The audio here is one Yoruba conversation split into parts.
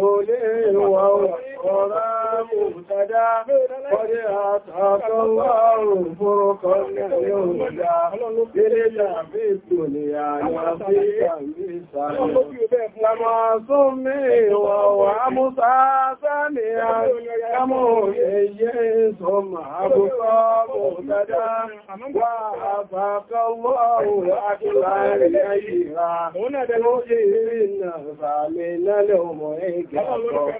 Wọ́n jẹ́ òhò lè wọ́n. وما مبتدا قد أتاك الله فرقا يهدى برجع في الدنيا نصيبا لما سمي وهو مساسميا كمهي ثم أبقى مبتدا وأفاك الله أكبر كيرا تجري النفس من الأمور كفر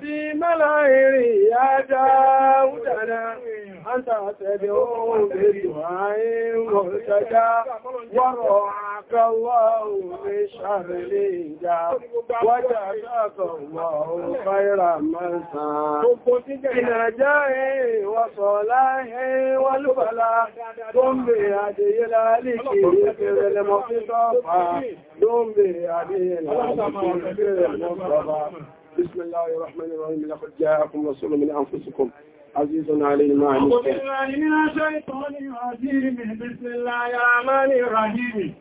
في ملاهر يا داودنا أنت تدعو بدعاء مرتجى ورعاك الله في شهر الإنجاب وجزاك الله خير من بنجاه وصلاه والبلاء قم بهدي الهلك في المصطفى قم بهدي الهلك في المصطفى بسم الله الرحمن الرحيم لقد جاءكم رسول من أنفسكم عزيز علينا ما عنكم من الشيطان الرجيم بسم الله الرحمن الرحيم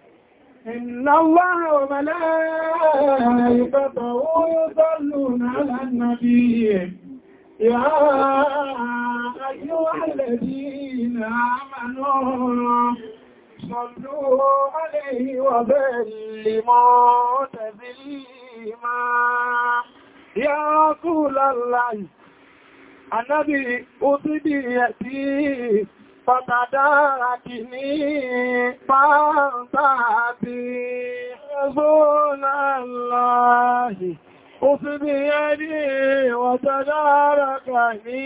إن الله وملائكته يصلون على النبي يا أيها الذين آمنوا صلوا عليه وسلموا تسليما Ya Rasulallah, Ànábì òsìdí ẹ̀sí fàtàdára kì ní pàǹtàbí. Ya Rasulallah, òsìdí ẹ̀dí wàtàdára kà ní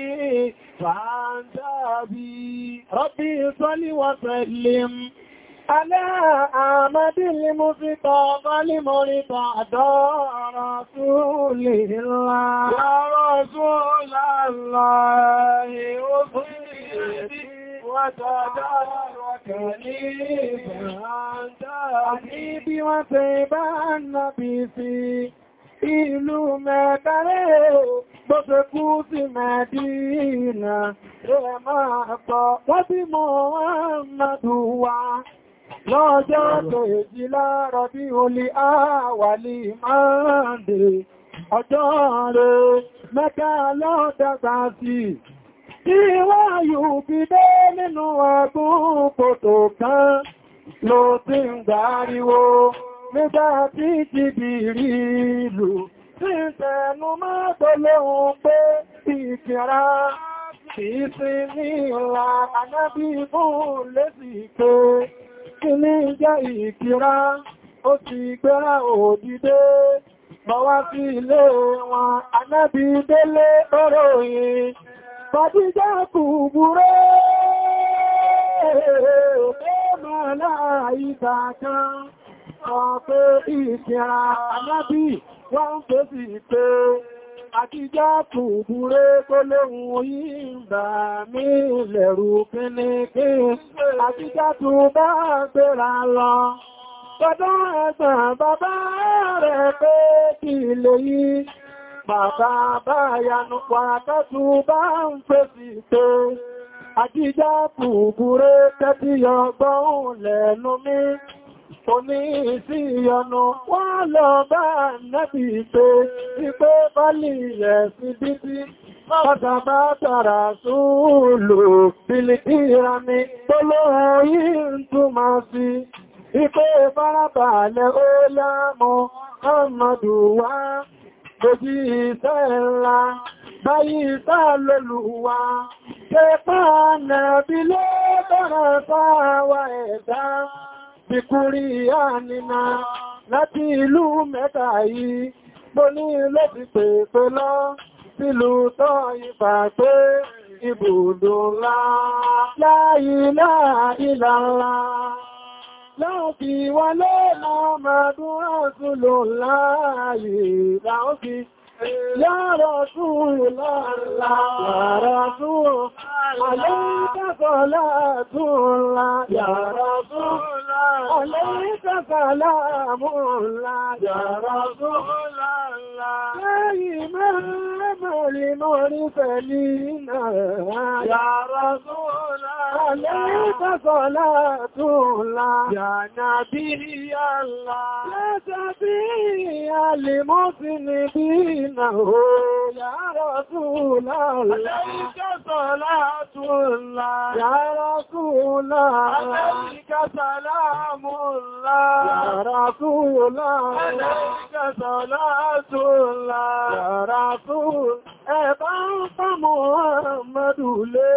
Rabbi salli wa sallim. Alá àmàdí ni mo fi tọ ọgbọ́lì mo rí tọ àdọ́ ọ̀rọ̀ súlè ńlá. Ọ̀rọ̀ súlà ńlá ìwò fún ìrìnbí wọ́n tọ́jọ́ ọ̀rọ̀ kan ní ìbàndà. Àbí bí wọ́n ṣe bá nàbí sí ìlú mẹ́tàrẹ́ bó lọ́jọ́ tó èjì láàrọ̀ bí o lè áwàlì máa dè ọjọ́ rẹ̀ mẹ́ta lọ́dàgbà sí tí wọ́n yóò fi dé nínú ẹgbùn kòtò kan ló ti ń gbáriwo nígbà tí ti bìrì ìlú tí tẹnu máa tó lóhun pé ìkìra kìí sí ní ìlà anábí fún lésì Kìní jẹ́ ìkìrá, ó ti gbẹ́ra òdìdé, bọ̀wá sí ilé wọn, anábì délé ọ̀rọ̀ yìí, bàdíjá kùbúrẹ́ ẹ̀mọ̀lá ìdàkan, ọ̀pẹ́ ìkìrá, anábì wọ́n fẹ́ sí pé Àkíjá tùbúré tó lóhun oyin bà mí lẹ̀rù pínikí. Àkíjá tù bá gbéra lọ. Bàbá àgbà bàbá rẹ̀ pé kí lè yí. Bàbá bá yanu pàtàkì bá ń fèsì pé. Àkíjá tùbúré tẹ́bí ọgbọ́n lẹ́nu mi. Oní ìsí ìyọnu wọ́n lọ bá nẹ́bì pé ipé bá lè rẹ̀ sí bíbí Bàtàbá tàrà súúlù bìlìkì ìrami tó ló ẹ̀yí ń túnmà sí. Ipé farabalẹ̀ ó lámọ́, ọmọdù wá, gòjì ìṣẹ́ ńlá, báyìí tá lọ́lùwà. Ṣé pàánà bí lé bọ́rọ̀ sáwà ẹ̀dá bìkúrí ànìna láti ìlú mẹ́ta yìí gbóní ló ti pèpè lọ sílù tọ́ ìfà pé ibùdó ńlá láyé náà ìlà ńlá láàfi wọlé lọ́mọdún àtúlò láàyè láàfi yára tún láàrá tún صلاة الله يا رسول الله عليك سلام الله يا رسول الله دائما للمرسلين يا رسول الله عليك صلاة الله يا نبي الله يا نبي المذنبين يا رسول الله عليك صلاة الله يا رسول عليك سلام الله يا رسول عليك صلاة الله يا رسول Ẹ̀bá ń fẹ́ Mùhàmmadù lé.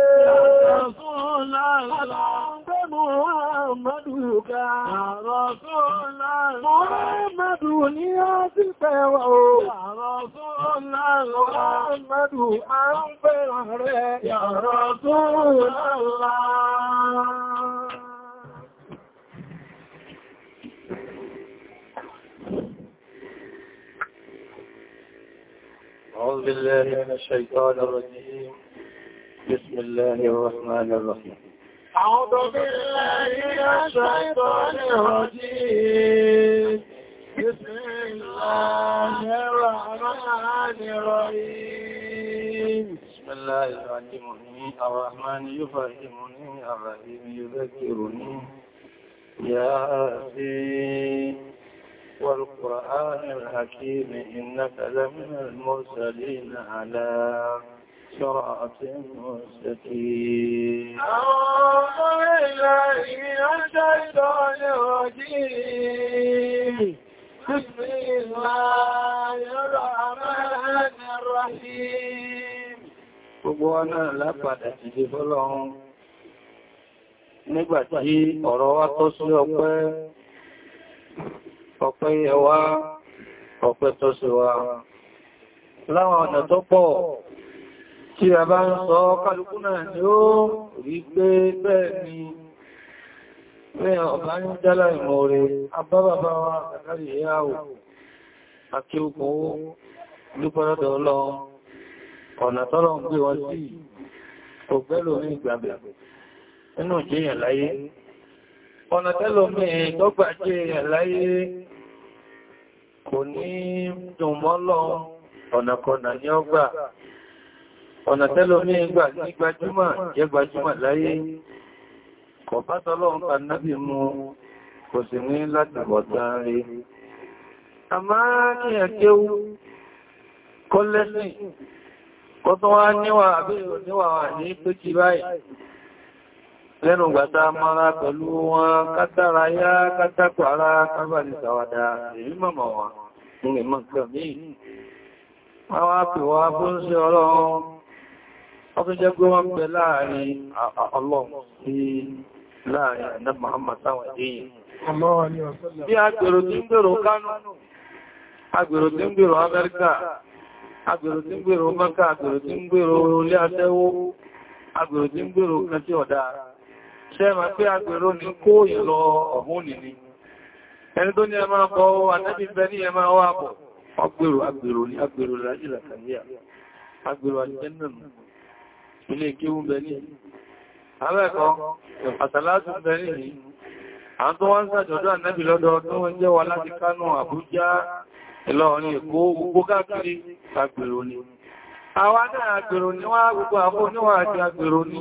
Mùhàmmadù ní a ti fẹ́wà o. Mùhàmmadù a ń fẹ́ràn rẹ̀. Yàrá tó lálàá. أعوذ بالله من الشيطان الرجيم بسم الله الرحمن الرحيم أعوذ بالله من الشيطان الرجيم بسم الله الرحمن الرحيم بسم الله يعلمني الرحمن يفهمني الرحيم يذكرني يا أخي والقرآن الحكيم إنك لمن المرسلين على صراط مستقيم أعوذ بالله من الشيطان الرجيم بسم الله الرحمن الرحيم Gbogbo ọ̀nà lápàdà ti di fọ́lọ́run nígbàtí ọ̀rọ̀ wa ọ̀pẹ́ ẹwà ọ̀pẹ́ tó ṣe wà láwọn ọ̀nà tó pọ̀ tí a bá ń sọ kálukú náà ni ó rí pé bẹ́ẹ̀ ni lẹ́yìn ń jálá ìmọ̀ rẹ̀ abábàbá wa àkárí ìyáwó àti okùn owó lúpọ̀lọ́dọ̀ ọlọ́run ọ̀nà tọ́lọ̀ ń gbé wọn sí ògbẹ́lò ní ìgbàbẹ̀ nínú ìjẹyàn láyé ọ̀nà tẹ́lò mìí tó gbàjí rẹ̀ kò ní dùnmọ́lọ ọ̀nàkọ̀nà ní ọgbà ọ̀nà tẹ́lò mìí gbà ní gbajúmọ̀ jẹ́ gbajúmọ̀ láyé kò bá tọ́lọ́run pa mú kò sì ní láti bọ̀ta a n'iwa lẹ́nu gbàtà mara pẹ̀lú wọn kátàrà yá kátàkwàrá kábàlì sàwádà èyí mọ̀mọ̀ wọn ní mọ̀kà míì wọ́n wá pè ṣe ọlọ́run wọ́n fi jẹ́ pé wọ́n pẹ láàrin ọlọ́run sí láàrin ẹ̀nà Muhammad táwọn èèyàn ṣẹ́mà pé agbèrò ní kó ìlọ ọ̀hún ni. ẹni tó ní ẹmà bọ́ ànábì bẹ ní ẹmà wà bọ̀ agbèrò agbèrò ní agbèrò ìlàjìlà kàníyà agbèrò àjẹ́nà ilé kéwú bẹ ní alẹ́kọ́ àtàlátù bẹ ní àwọn tó wá ń sàjọ̀dọ̀ ànábì lọ́dọọdún wọ́n ni àwọn náà agbèrò ni wọ́n á gbogbo àbó níwọ̀n àti agbèrò ni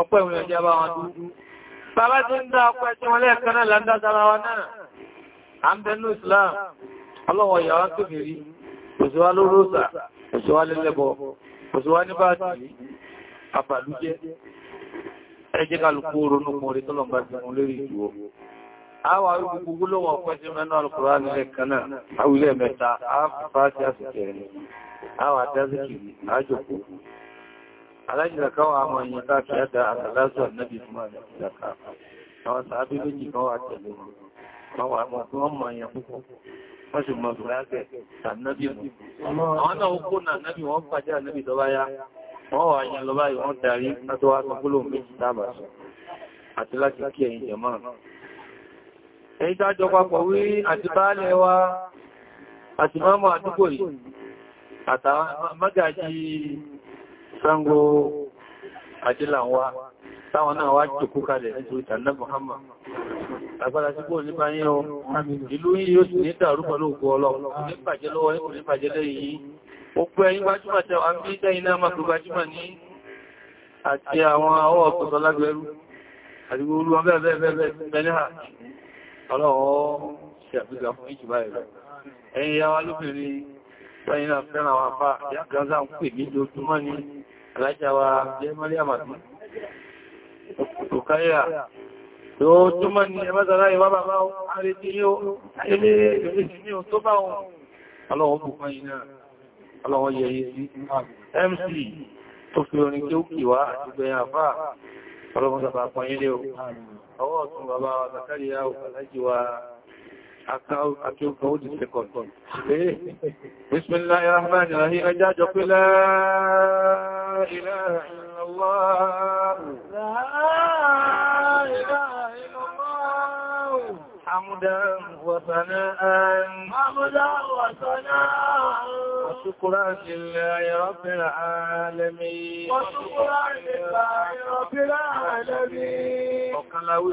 ọpẹ́ ìwọ̀n ìjẹ́ bá wọn dúdú. Bàbá ti ń dá ọpẹ́ tí wọ́n lẹ́ẹ̀kan náà láńdá sára wa náà. A ń bẹnú Islam, ọlọ́wọ̀ ìyàwó tó fèrí, òṣùwá ló róòsà, òṣùwá lẹ́lẹ́bọ, òṣùwá ní báàtì, àbàlújẹ́. Ẹ jẹ́ kálukú ronú mọ̀ rí tọ́lọ̀ bá ti mú lórí ìwọ̀. A aláàjì zaka wà mọ̀ yìí káàkiri yàtà àtàlásù ànábì fún àmì zaka àwọn sàábí méjì kan wà tẹ̀lé wọn wà mọ̀ tí wọ́n mọ̀ yẹn púpọ̀ wọ́n sì mọ̀ fìlágẹ̀ ànábì mọ̀ àwọn náà ó kó nà ànábì wọ́n pàjá ànábì tó bá yá wọ́n wà yẹn lọ báyìí wọ́n darí látọwà tó gbólóhùn méjì tábà sọ àti láti kí ẹ̀yin àdúgbò yìí àtàwọn mágàjì Ṣàngó àjíláwá táwọn náà wá jùkú kalẹ̀ nítorí tàndà Muhammad. Àgbàdà sí kúrò nípa yíò, ìlú yìí yóò sì ní dàrú pẹ̀lú òkú ọlọ́pàá, ní pàjẹ́ lọ́wọ́ ní kò ní pàjẹ́ lẹ́yìn yìí. Ó pẹ́ ẹ̀yìn gbájúmọ̀ tẹ́ wà ń bí dẹ́yìn náà máa gbájúmọ̀ ní àti àwọn àwọ̀ ọ̀pọ̀tọ̀ lágbẹ̀rú, àti gbogbo ọmọ bẹ́ẹ̀ bẹ́ẹ̀ bẹ́ẹ̀ bẹ́ẹ̀ ní hà. Ọlọ́run ṣe àfihàn fún ìjìbá ìrọ̀. Ẹ̀yìn yá wa ni aláṣàwà jẹ́mọ́lẹ́mà tí ó káyà tí ó túnmọ́ ní ẹmọ́sára ìwá bàbá ó àrí tí ó ilé ìrìnlẹ̀ tó bá wọn ọlọ́wọ́ bùkún iná ọlọ́wọ́ yẹ mc tó fi orin kí ó kìwá àti gbẹ̀ àfá ọlọ́wọ́ sàbàpọ̀ ilé ọwọ́ ọ̀tún àti ọkọ̀ òdì sẹ́kọ̀ọ̀tọ̀. Bismillahir Rahmanir Rahim ẹjá jọ pé la ilaha illallah. La ilaha illallah. Hamdan wa sana'an. Hamdan wa sana'an. Wa shukran lillahi rabbil alamin. Wa shukran lillahi rabbil alamin. Ọ̀kan láwé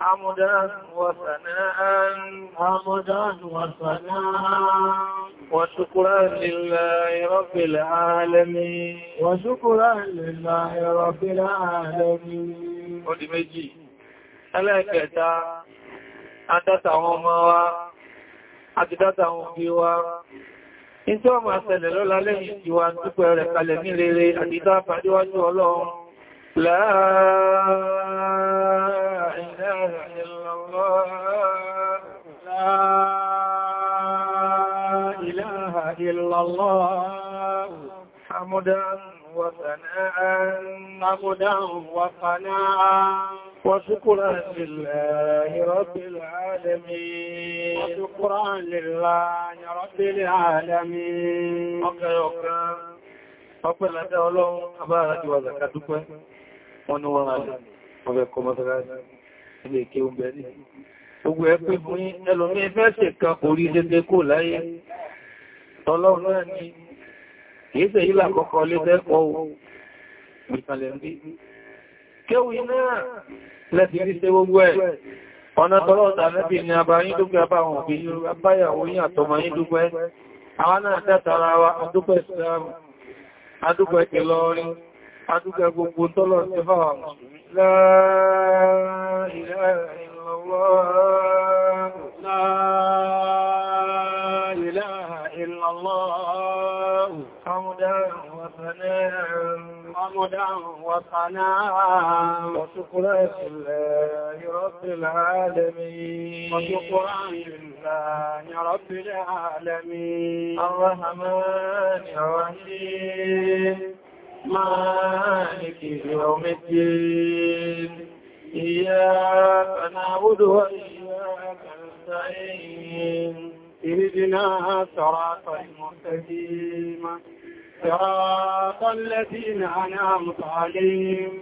حمدا وثناء حمدا وثناء وشكرا لله رب العالمين وشكرا لله رب العالمين ودي méjì ẹlẹ́kẹta adáta àwọn ọmọ wa àti dáta àwọn òbí wa Ìjọ ọmọ àṣẹlẹ̀ lọ́la lẹ́yìn ìwà dúpẹ́ rẹ̀ kalẹ̀ ní rere àti dáàbà Ọlọ́run. La ilaha illallah. La illallah. Hamadan وثناء عبدا وقناعا وشكرا لله رب العالمين وشكرا لله رب العالمين ọkẹ́ ọkẹ́ ọpẹ́ láti ọlọ́run abára ti wà zàkà dúpẹ́ wọn ni wọ́n rálẹ̀ wọ́n fẹ́ kọ mọ́sára ilé ìké oúnjẹ ní gbogbo ẹ pé fún ẹlòmí ẹfẹ́ ṣe kan orí dédé kò láyé ọlọ́run náà ni kìí ṣe ilé àkọ́kọ́ lé fẹ́kọ́ kéwù iná lẹ́sì rí ṣe gbogbo ẹ̀ ọ̀nà tọ́lọ́ta lẹ́bí ni àbáyín dúpẹ́ àbáwọn òbí àbáyàwó yìn àtọmọ̀yín dúpẹ́ àwọn náà dátara wa adúpẹ́ Islam adúpẹ́ Ìlọrin adúpẹ́ gbogbo tọ́lọ́ إلا الله لا إله إلا الله حمدا وثناء حمدا وثناء وشكرا لله رب العالمين وشكرا لله رب العالمين الرحمن الرحيم مالك يوم الدين إياك نعبد وإياك نستعين إهدنا صراط المستقيم صراط الذين أنعمت عليهم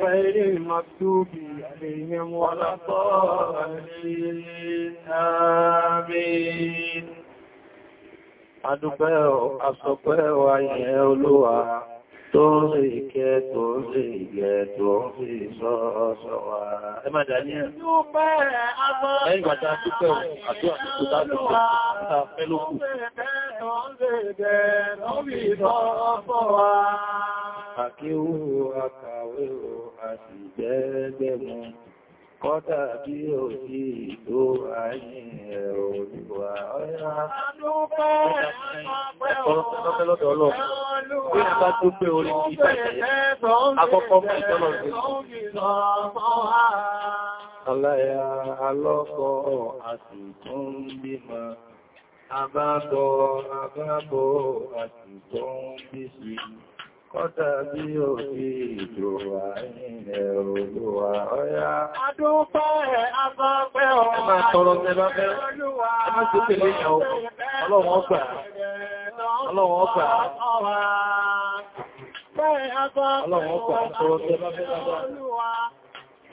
غير المكتوب عليهم ولا الضالين آمين adúpẹ́ ọ̀ asọ̀pẹ́ ọ̀ ayẹ̀ olúwa Torí kẹ́ torí ilẹ̀ torí sọ́ọ̀sọ̀wà. Ẹ máa dà ní ẹ̀. Yóò bẹ̀rẹ̀ agbọ́n. Ẹ̀yìn gbàtà pípẹ́ ohun àti àtìkò dájú pé àtà fẹ́ ló kọ́tà bí ò sí ìlú ayé ẹ̀rọ olúwa ọ̀yá lọ́tẹ́lọ́tẹ́ ọlọ́pù bí i bá tó pé orí ìgbà ìgbà akọ́kọ́ mú ìtọ́lọ̀dé aláya alọ́kọ́ àti tó ń bímọ abábọ̀ abábọ̀ àti tó ń bí sí Kọ́ta bí ò sí ìjòwà ilẹ̀ olúwa ọya. Adúpẹ́ ẹ̀ afẹ́fẹ́ ọ̀rọ̀. Ẹ máa fẹ́. Ẹ máa ti pèlè ìyàn ọkọ̀. Ọlọ́run ọgbà. Ọlọ́run ọgbà. Ọlọ́run ọgbà tọrọ tẹ́lá fẹ́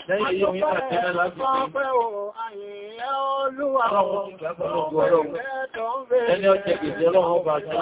Lẹ́yìn yóò yí àti ẹlẹ́gbẹ̀ẹ́ ọlọ́run ti gbàgbọ́ lọ́gbọ́ ọlọ́run. Ẹni ọjẹ́ ìdí ọlọ́run ọba jẹ́.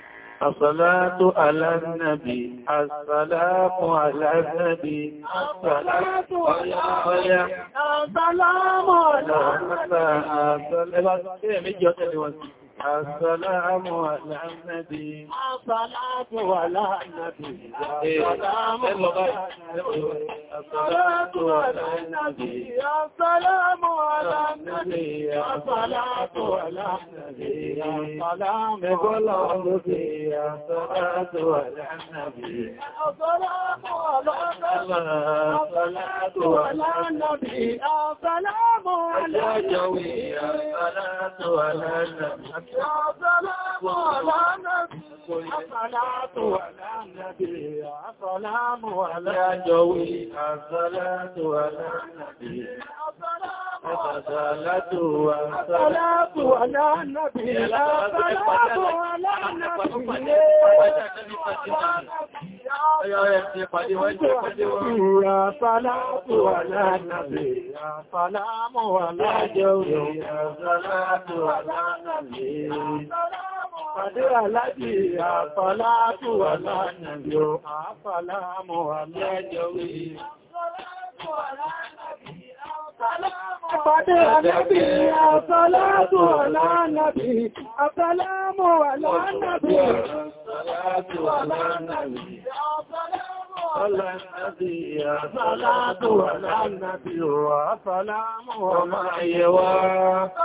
الصلاة على النبي السلام على النبي الصلاة على السلام على النبي السلام على النبي الصلاة على النبي السلام على النبي الصلاة على النبي السلام على النبي الصلاة على النبي السلام يقول النبي الصلاة على النبي السلام على النبي السلام على النبي الصلاة على النبي Àṣọ́lá mú wà láàájọ́ wí, àṣọ́lá tó wà láàájọ́ Àṣàlátò wà Àṣàlátò wà lánàbì Àṣàlátò wà lánàbì Àṣàlátò wà lánàbì Àṣàlámù wà lájọ́ òun Àṣàlátò wà lánàbì Pàdé aláàjì àfàlátù wà Àpàdé ànábì àṣálátù àlánàbì, àṣálámù àlánàbì, àṣálátù àlánàbì, àṣálátù àṣálátù àlánàbì, àṣálámù ọmọ ayẹwà.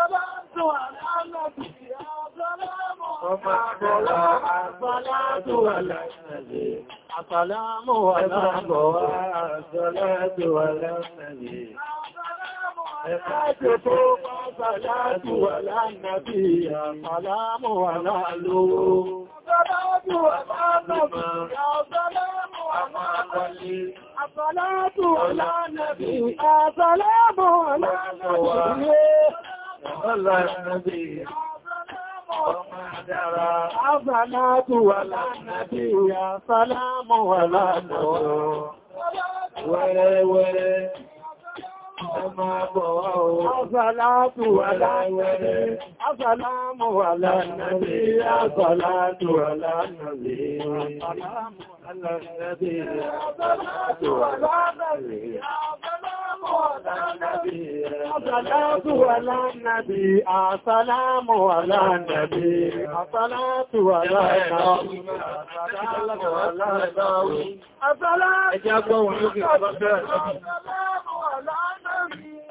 Àṣálátù àlánàbì, àṣálámù ọmọ ayẹwà. Àṣálátù àlánàbì, Ẹ̀kájò tó bá sàlájú wà láìnàbí àmàlámù wà láàlò. Sàlájú wà láìnàbí àmàlámù wà láàlò. Àsàlájú wà láìnàbí àmàlámù wà láàlò. Àsàlájú Àbànátù wà lánàbí ìyà, sálámù wà lánàbí. Wẹ́rẹ́wẹ́rẹ́. Àṣàlátù aláìwẹ̀rẹ̀, àṣàlámù aláìnàbí, àṣàlátù aláìnàbí, àṣàlámù aláìnàbí, àṣàlátù aláìnàbí, àṣàlátù aláìnàbí, àṣàlámù aláìnàbí, àṣàlátù aláìnàbí, àṣàlátù aláìnàbí, àṣàlátù aláìnàbí,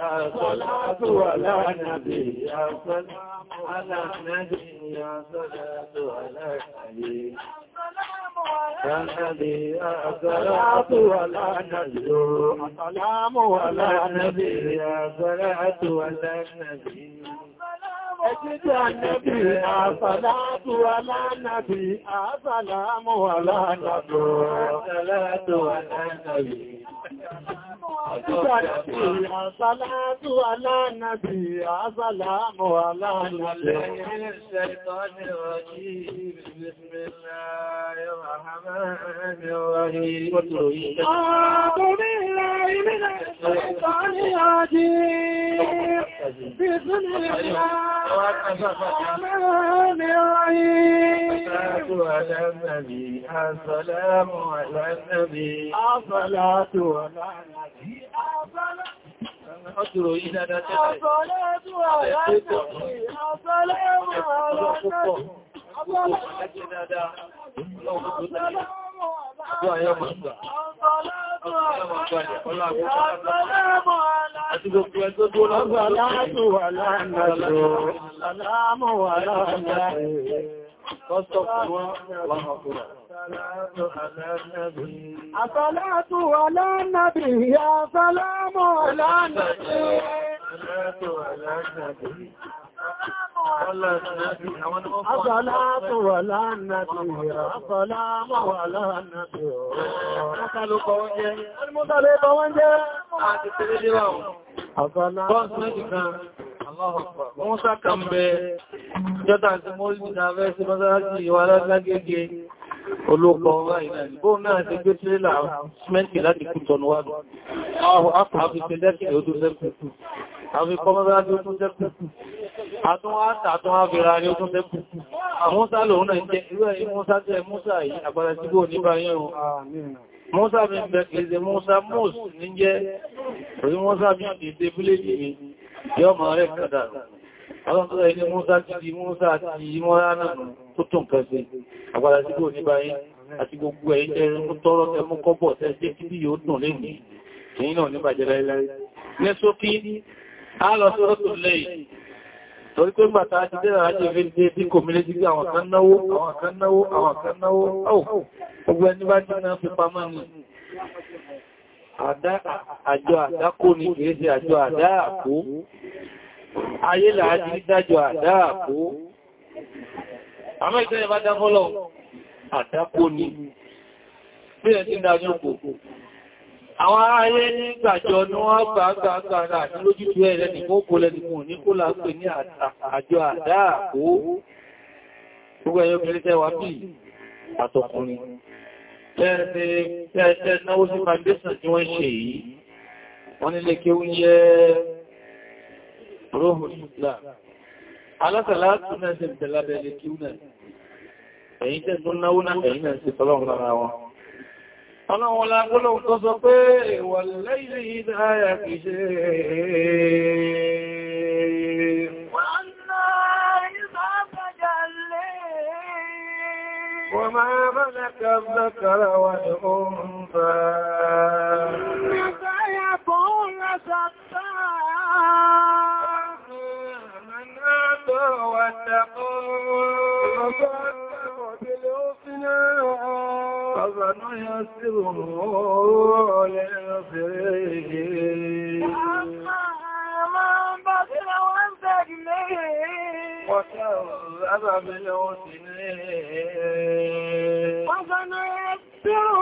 صلاة ولا نبي يا سلام على نبي يا صلاة ولا نبي النبي الصلاة ولا نبي السلام ولا نبي يا صلاة ولا نبي Ẹjíjẹ ànẹ́bì àfàlátù alánàbì àfàlámù alánàbì àfàlátù alánàbì. Ẹjíjẹ ànẹ́bì àfàlátù alánàbì àfàlámù alánàbì. أعوذ بالله من الشيطان الرجيم بسم الله الرحمن الرحيم الصلاة على النبي السلام على النبي الصلاة على النبي Ọdúró yìí dáadáa tẹ́lẹ̀. Ọ̀sọ̀lẹ́dùn àrẹ́ àjọ́ ìrọ̀sọ̀lẹ́wọ̀n àrẹ́ àjọ́ ìrọ̀sọ̀lẹ́wọ̀n àrẹ́ àjọ́ àti gbogbo ẹgbẹ́ tó lọ́gbà láàájú wà láàájú aláàmọ̀ wà láàájú Kọ́sọ̀kùn wọn wà ọkùnrin. Àtàlátù wà lánàbì, àtàlámọ̀ lánàbì. Àtàlátù wà lánàbì. Àbàlátò wà lánàbí, àbàlámà wà lánàbí. Mọ́ta ló kọ wọ́n jẹ́. Wọ́n sáka ń bẹ jọta àti mọ́lì ìdáwẹ́ sí mọ́sárájì ìwà alágbàgẹ́gẹ́ olóòpọ̀ ọwá ìrìnàjò. Bóò náà ti gbé tílélà mẹ́ntì láti kú tọ̀nù wádùn. Àfikẹ́ lẹ́kì ó tún lẹ́kù. Àfikọ́ mọ́sárájì ó tún lẹ́kù. Àtúnwá àtàtúnwá bèèrè àrí ó tún lẹ́kù. Àmúsá lòun náà jẹ́ irú ẹ̀ Mọ́sá bí ń bẹ kèèzè Mọ́sá Mọ́s ní jẹ́ orí Mọ́sá bí ń dìde búléjì ni yọ ma rẹ̀ kàdà. Àwọn tó ẹni Mọ́sá ti di Mọ́sá ti yí mọ́rá náà tó tún kẹsẹ̀. Àgbàrá sí kò ní báyìí àti gbogbo ẹ̀yìn torí pé gbàtà ti dẹ́rẹ̀ ajé fi dé tí kò mílé sígbé àwọn kan náwó àwọn kan náwó àwọn kan náwó ọgbẹ́ ní bá jẹ́ náà fi pamọ́ ní àjọ àdákò ní kìí sí àjọ àdáàkó ayé làájí dájọ àdáàkó àmọ́ ìtẹ́yẹ bá dáfọ́lọ́ àdákò ní bí ẹ̀ tí dájọ́ kò àwọn aráyé ní ìgbàjọ ní wọ́n gbà gbàgbàrà ní lójútù ẹ̀rẹ́ nìkan kó lẹ́nìkan ní kó lápé ní àjọ àdáàkó gbogbo ẹ̀yọ́ kiri tẹ́wà bí àtọkùnrin tẹ́ẹ̀ẹ́ náwó sí foundation tí wọ́n ṣe yìí wọ́n nílé kí ó yẹ rohùn ṣùgbà alásàlá tún náà ṣe bẹ̀lábẹ̀lẹ̀ kí ó náà ẹ̀yìn tẹ́ ọlọ́run lágbọ́lọ́ tó sọ pé wàlẹ́ وما ملك الذكر والأنفى إنك يكون ستا من أعطى واتقوا فقد تقوا فسنيسره لليسره وأما من بخل واستغنى وكذب بالحسنى فسنيسره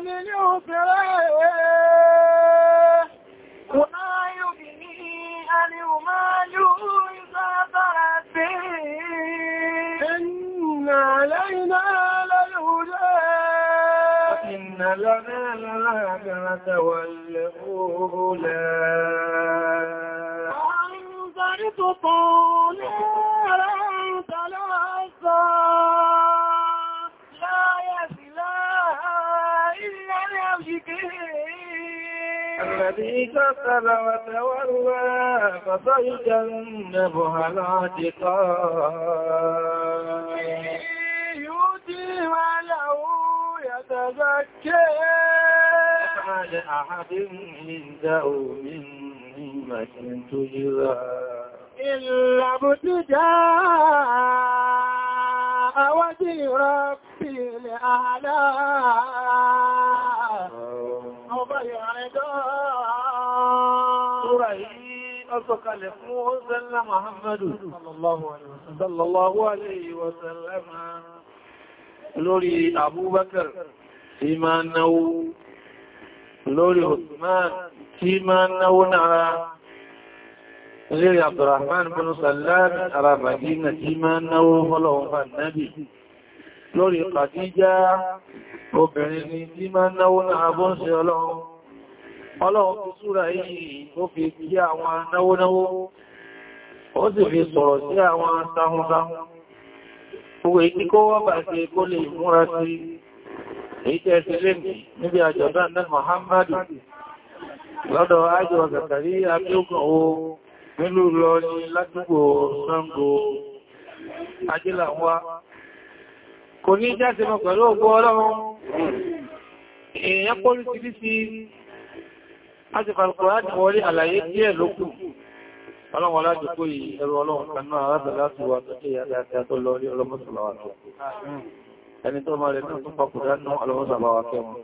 لليسره لنا الآخرة والأولى أنذرت طولا ثلاثا لا يسلاها إلا الأشقي الذي كسل وتولى فسيجنبها العتقى أتذكر على أحد من دعوم نعمة تجرى إلا ابتداء وجه ربي لأعلى Ọ̀sọ̀kalẹ̀ fún ó ń zẹ́lá Muhammadu sallallahu alaihi wasallam. lórí Abubakar tí máa náwó lórí Usman tí máa náwó náà lórí Abdurrahman bin Sallam ara Madina tí máa náwó fọ́lọ̀wọ́n fà náàbì lórí Khadija obìnrin ni tí máa náwó náà bó ń ọlọ́run ọlọ́run fi súra yìí ó fi kí àwọn náwó náwó ó sì fi sọ̀rọ̀ sí àwọn sáhúnsáhún Owó ìpín kó wọ́n bá ṣe kó lè múra sí èyí tẹ́ ṣe lè mì níbi àjọ̀dán náà Muhammadu lọ́dọ̀ Ájọ Zakari Abíogun o nílùú lọ ní ládúgbò Ṣàngó Ajílàwá. Kò ní jáse mọ̀ pẹ̀lú ògbó ọlọ́run. Èèyàn ọlọ́run aládùúgbò yìí ẹrù ọlọ́run kan náà arábẹ̀ láti wà tókè àdáta tó lọ rí ọlọ́mọ́sọ̀lá wà tó ẹni tó máa rẹ̀ náà tó pàkùdá náà ọlọ́mọ́sọ̀lá wà kẹwọn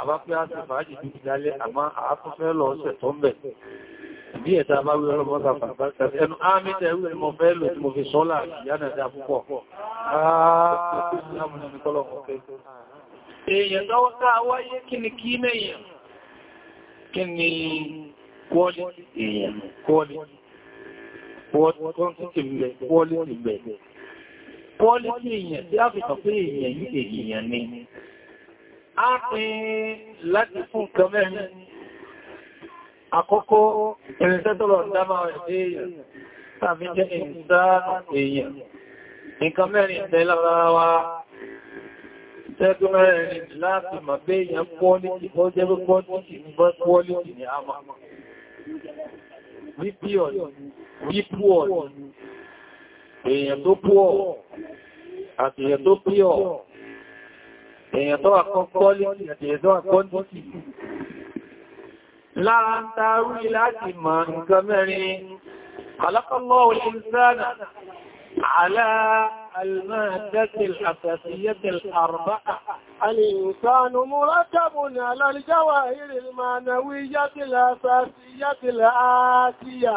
àbá pé á sì fàájì tó ti dálé àmá àáfúnfẹ́ lọ ṣẹ̀ tó ń bẹ̀ bí ẹ̀ta bá wí ọlọ́mọ́sà fàbákà ẹnu ámì tẹ̀rù ni mo fẹ́ lò tí mo fi sọ́là ìyánàdá púpọ̀ èèyàn tọ́wọ́ wáyé kí ni kí mẹ́yìn kí ni quality èèyàn quality quantity bẹ̀ quality bẹ̀ quality èèyàn tí a fi kàn pé èèyàn yìí èèyàn ni a pín láti fún nǹkan mẹ́rin àkọ́kọ́ irinṣẹ́ tọ́lọ̀ dámà èèyàn tàbí jẹ́ ìsá èèyàn nǹkan mẹ́rin tẹ́lára wa Tẹ́gbẹ́ mẹ́rin láti mọ̀ pé èèyàn quality, ó jẹ́ pé ní bọ́ quality ni a wípí ọ̀nà wípú ọ̀nà èèyàn tó pú ọ̀ àti èèyàn tó pí ọ̀ èèyàn tó àkọ́kọ́ lítì àti èèyàn tó àkọ́kọ́ lítì lára ń taarú láti mọ̀ nǹkan mẹ́rin khalaqallahu al-insana ala المادة الأساسية الأربعة الإنسان مركب على الجواهر المعنوية الأساسية الآتية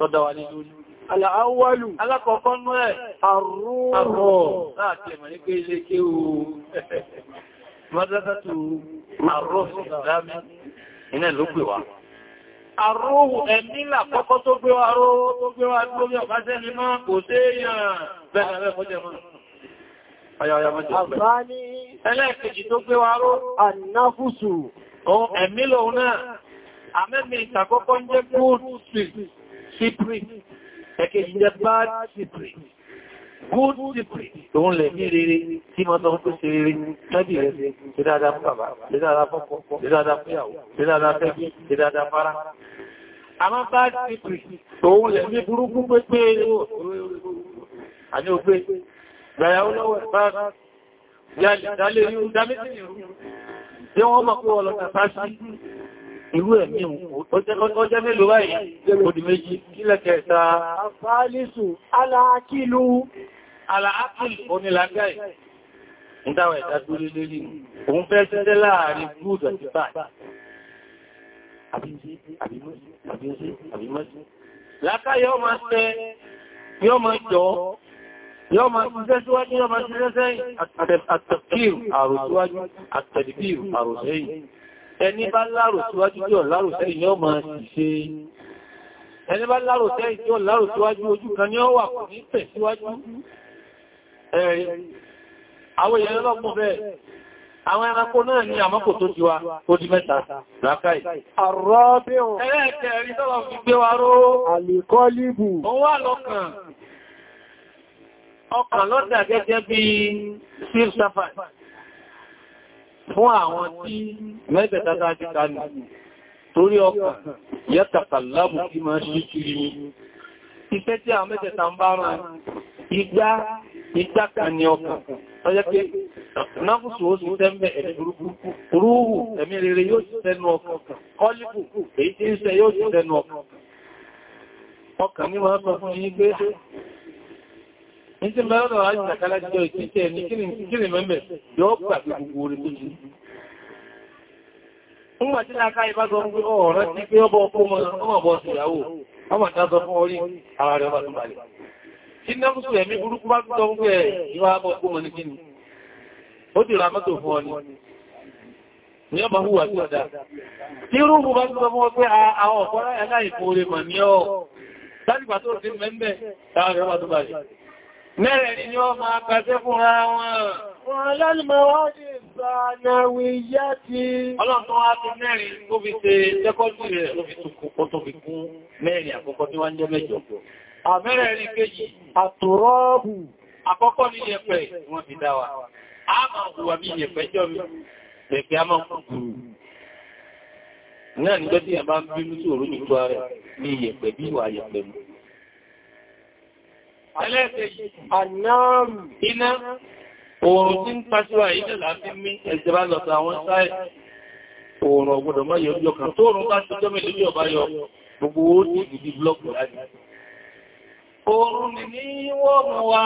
Tọ́dá wa ní lórí. Àlàáwọ́lù. Alákọ̀ọ́kọ́ mọ́ ẹ̀. Àrùn. Àrùn. Láti ẹ̀mọ̀ ní pé ilé kí o. Mọ́dátátù àrùn ìsìlámi. Iná ló pè wá. Àróhù ẹ̀mí làkọ́kọ́ tó gbé wa ró tó gbé wa tó bí ọ̀pá sẹ́ni máa kò sí èèyàn bẹ́ẹ̀ bẹ́ẹ̀ fọ́jẹ́ mọ́. Ayáyá mọ́jẹ́ ọ̀pẹ́. Ẹlẹ́ẹ̀kejì tó gbé wa ró. Ànáfùsù. Ohun ẹ̀mí lòun náà, àmẹ́mí ìtàkọ́kọ́ ń jẹ́ good spirit, good people òun lè ní rere tí mọ́ tọ́wọ́ tó ṣe rere lẹ́bí rẹ̀ ṣe dáadáa fún bàbá ṣe dáadáa fún ọkọ ṣe dáadáa fún ìyàwó ṣe dáadáa fẹ́ ṣe dáadáa fara àmọ́ bá ti pè òun lè ní burúkú pépé àní irú ẹ̀mí ọjọ́ mélòó báyìí òdì méjì kílẹ̀ kẹta àfáàlìsù aláàkìlú aláàkìlú onílágáì ìdáwà ẹ̀dá dúró lérí òun fẹ́ ṣiṣẹ́ láàrin gúúdù àti báyìí yọ́ ma ṣiṣẹ́ síwájú yọ́ ma ṣiṣẹ́ sẹ́yìn àtẹ̀kíù àròsíwájú àtẹ̀kíù àròsẹ́yìn ẹni bá lárò síwájú tí ọ̀ lárò sẹ́yìn ni ó máa sì ṣe ẹni bá lárò sẹ́yìn tí ọ̀ lárò síwájú ojú kan ni ó wà kò ní tẹ̀ síwájú ẹ̀rẹ̀ àwọn èèyàn lọ́gbọ̀n bẹ́ẹ̀ àwọn ẹranko náà ní àmọ́kò tó ti wa ó di mẹ́ta lákàí àrọ́bíhùn ẹlẹ́ẹ̀kẹ́ ẹ̀rí tọ́lọ fi gbé wa ró àlìkọ́líbù ọkàn lọ́dà gẹ́gẹ́ bí sílsáfàì fún àwọn tí mẹ́tẹ̀tàtà ti kanù torí ọkàn yẹ́tàkà lábù tí máa ṣe kiri ní iṣẹ́ tí àwọn mẹ́tẹ̀ta ń bá rán igbá ìgbákan ni ọkàn ọjọ́ pé náfùsù ó sì tẹ́mẹ̀ ẹ̀mí burúkú rúhù ẹ̀mí rere Nítí mẹ́rin ọ̀rọ̀ àti ìtàkálá jẹ́ ìkíkẹ́ ní kíni mẹ́mẹ́ yóò pàtí gbogbo orí tó jù. Ń gbà tí láká ibá gọm gbé ọ̀rọ̀ tí pé ọbọ̀ ọkọ́ ọmọ bọ́ sí ìyàwó, ọmọ ìtàzọ fún orí ara rẹ̀ wà tó balẹ̀. Tí náà sùn ẹ̀mí burúkú bá gbọ́ ń gbẹ̀ ìwà abọ́ ọkọ́ mọ́ ní kíni. Ó ti ra mọ́tò ni ní ọmọ húwà tí ọ̀dá. Tí rúrù bá tó mọ́ pé sí mẹ́mẹ́ ọmọ tó mẹ́rẹ̀rin ni wọ́n máa pàṣẹ fúnra wọn wọ́n lálùmọ́wọ́dì ìsànàwì yá ti ọlọ́run tó wá ti mẹ́rin tó fi ṣe tẹ́kọ́jú rẹ̀ ló fi tukùkọ́ tó fi kún mẹ́rin àkọ́kọ́ tí wọ́n jẹ́ mẹ́jọ àmẹ́rẹ̀rin kejì àtòrọ́ọ̀bù àkọ́kọ́ ní yẹ̀pẹ̀ wọ́n ti dá wa a máa hùwà bí yẹ̀pẹ̀ jọ mi ẹ̀pẹ̀ a máa kúrú náà nígbẹ́ tí a bá ń bínú sí òrùn ìtọ́ rẹ̀ ní yẹ̀pẹ̀ bí wà yẹ̀pẹ̀ mú ẹlẹ́ẹ̀kejì ànáàmù iná oòrùn tí ń pàṣíwà ìdẹ̀ láti mí ẹ̀jẹ̀bá lọ́ta àwọn sáì oòrùn ọgbọ̀dọ̀ mọ́ yọ kan tó rùn bá ti jọ́mẹ̀ lórí ọba yọ gbogbo ó ti ìdí blọ́kù láti oòrùn ni ní wọ́n mọ́ wa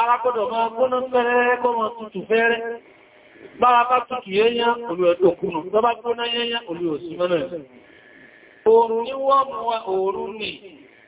arákọ́dọ̀ máa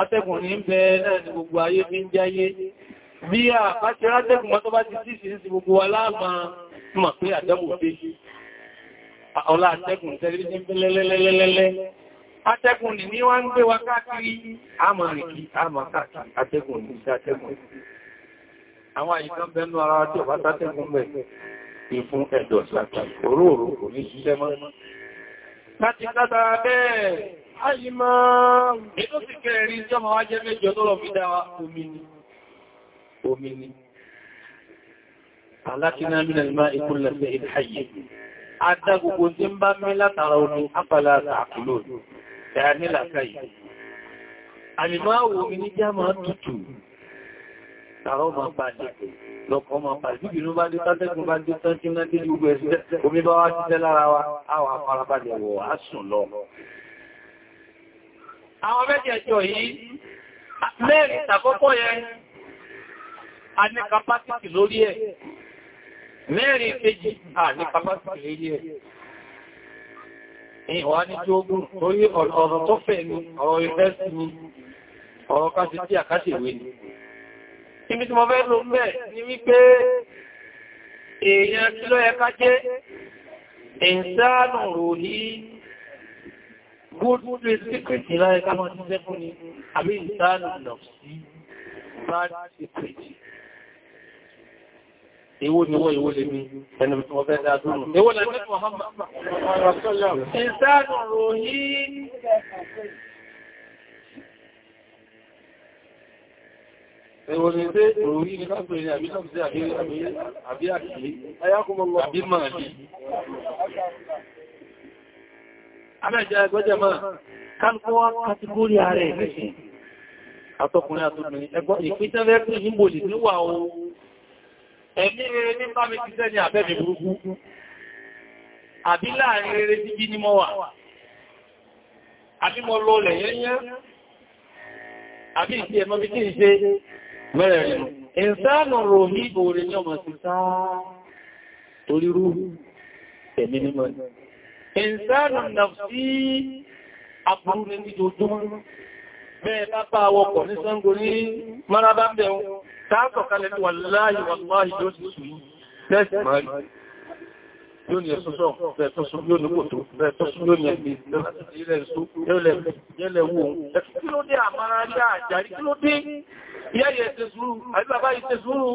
atẹ́gùn ní bẹ náà ni gbogbo ayé fi ń jáyé bí a bá ti rátẹ́gùn mọ́ tó bá ti síṣì sí gbogbo wa láàmà mọ̀ pé àdẹ́gùn dé ọlá atẹ́gùn tẹ́lẹ́sí lẹ́lẹ́lẹ́lẹ́lẹ́ atẹ́gùn ni ní wọ́n ń gbé wa káàkiri àmàrìkì àmàkàkì atẹ́gùn ní sí atẹ́gùn àwọn àyíkán bẹnu ara tí ọba tátẹ́gùn bẹ̀ alìmọ̀ ètò sì kẹrin tí ọmọ wá jẹ́ méjì ọlọ́rọ̀ fi dáwà omi ni alákiná mínà ìmá ìkúnlẹ̀ sí ìdáyé adá gbogbo tí ń bá mí látara omi apàlá àkùlò ẹ̀yà nílàkàyè alìmọ̀ omi ní já máa tutù tààrọ máa bàjẹ́ lọ́kọ̀ máa bàjẹ́ ìbínú bá dé tátẹ́kùn bá dé tán kí náà dé gbogbo ẹ̀sẹ̀ omi bá wá ti tẹ́ lára wa àwọn afárabàjẹ́ wọ̀ á sùn lọ àwọn mẹ́jẹ̀ẹ̀jọ yìí mẹ́rin tàkọ́kọ́ yẹn a ní kapásítì lórí ẹ̀ mẹ́rin kejì a ní kapásítì lórí ẹ̀ ìwà ní tí ó gùn torí ọ̀rọ̀ tó fẹ́ ní ọ̀rọ̀ ìfẹ́ sí ní ọ̀rọ̀ káṣí tí àkáṣì ìwé ni ibi tí mo fẹ́ lọ mẹ́ ní wípé èèyàn kí ló ká jẹ́ ìsánù rò ní gbogbo ìsẹ́kẹ̀ẹ́sì láyé ká máa ti jẹ́ fún ni àbí ìsáàlù lọ sí bá ìsẹ́kẹ̀ẹ́sì Èwo ni wọ́n ìwó lè mi ẹni tí wọ́n fẹ́ dáadọ́ nù. Èwo lè mẹ́rin Muhammad. Ìsáàlù ròyìn. Èwo ni pé ròyìn ní káàkiri ni àbí lọ́pùsí àbí àkìlé, àbí màálì. Amẹ́jẹ́ ẹgbẹ́jẹ́ máa, kálùkọ́ wá kàtígórí ààrẹ ìrìnṣìn, àtọkùnrin àtọkùnrin, ẹgbọ́n ìpítẹ́lẹ́ pé ìmòlì ní wà ó, ẹ̀mí rere ní bá mi ti tẹ́ ní àbẹ́ mi burúkú, àbí láàrin rere sí bí ní mọ́ wà, àbí mọ́ lọ lẹ̀ yẹ́yẹ́, àbí ìsí ẹ̀mọ́ bí kí ń ṣe mẹ́rẹ̀ rẹ̀. Ìsánù rò ní ìbòrè ní ọmọ sí sáà torí rú ẹ̀mí nímọ̀ ìsánù nàfsí àpòrú ní ìjọjúmọ́ bẹ́ẹ̀ pápá wọkọ̀ ní Ṣàngó ní maraba bẹ̀rún tààtọ̀ kalẹ̀ ní wàláyì wàláyì yóò sì sùn tẹ́sì mari yóò ní ẹ̀sọ́sọ́ bẹ̀ẹ̀tọ́sọ́ yóò ní kòtò bẹ̀ẹ̀tọ́sọ́ yóò ní ẹgbẹ̀ ìlẹ́ẹ̀sọ́ yẹ́lẹ̀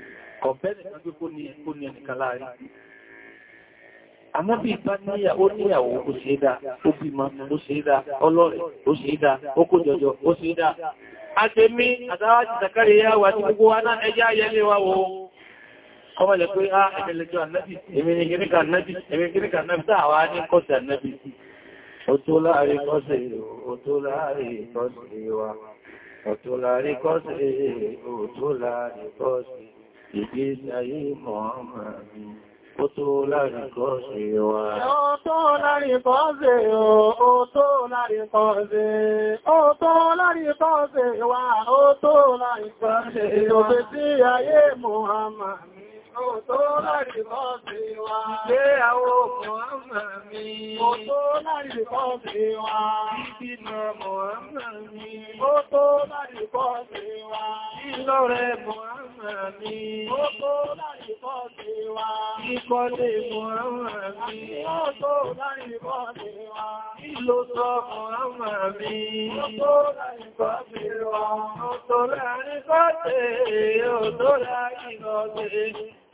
kọ̀bẹ́rẹ̀ kan gbé kó ní ẹ̀kọ́ ní ẹnìkan láàrin àmọ́ bí ìbá níyà ó níyàwó ó ṣe dá ó bímọ ó ṣe dá ọlọ́rẹ̀ ó ṣe dá ó kó jọjọ ó ṣe dá àtẹ́mí àtàwàjì zakari yá wà ní gbogbo aná ẹjá ayẹlé wa wo ọmọ pé á ah, ẹ̀mẹ̀lẹ́jọ́ wa ó tó láàrin kọ́sẹ̀ ó tó ìgbésí ayé ìkọ̀ ọmọ mi ó tó láàrin kọ́ ṣe wà. Ó tó láàrin kọ́ ṣe ó tó láàrin kọ́ Mo tó láti kọ́ Mo tó láti kọ́ sí wa. Ìbínà Mo tó láti kọ́ sí wa. Ìlọ́rẹ Mo tó láti kọ́ sí wa. Ìkọ́lé Mo tó láti kọ́ sí wa. Ìlòsọ Mo tó láti kọ́ sí wa. Mo tó láti kọ́ sí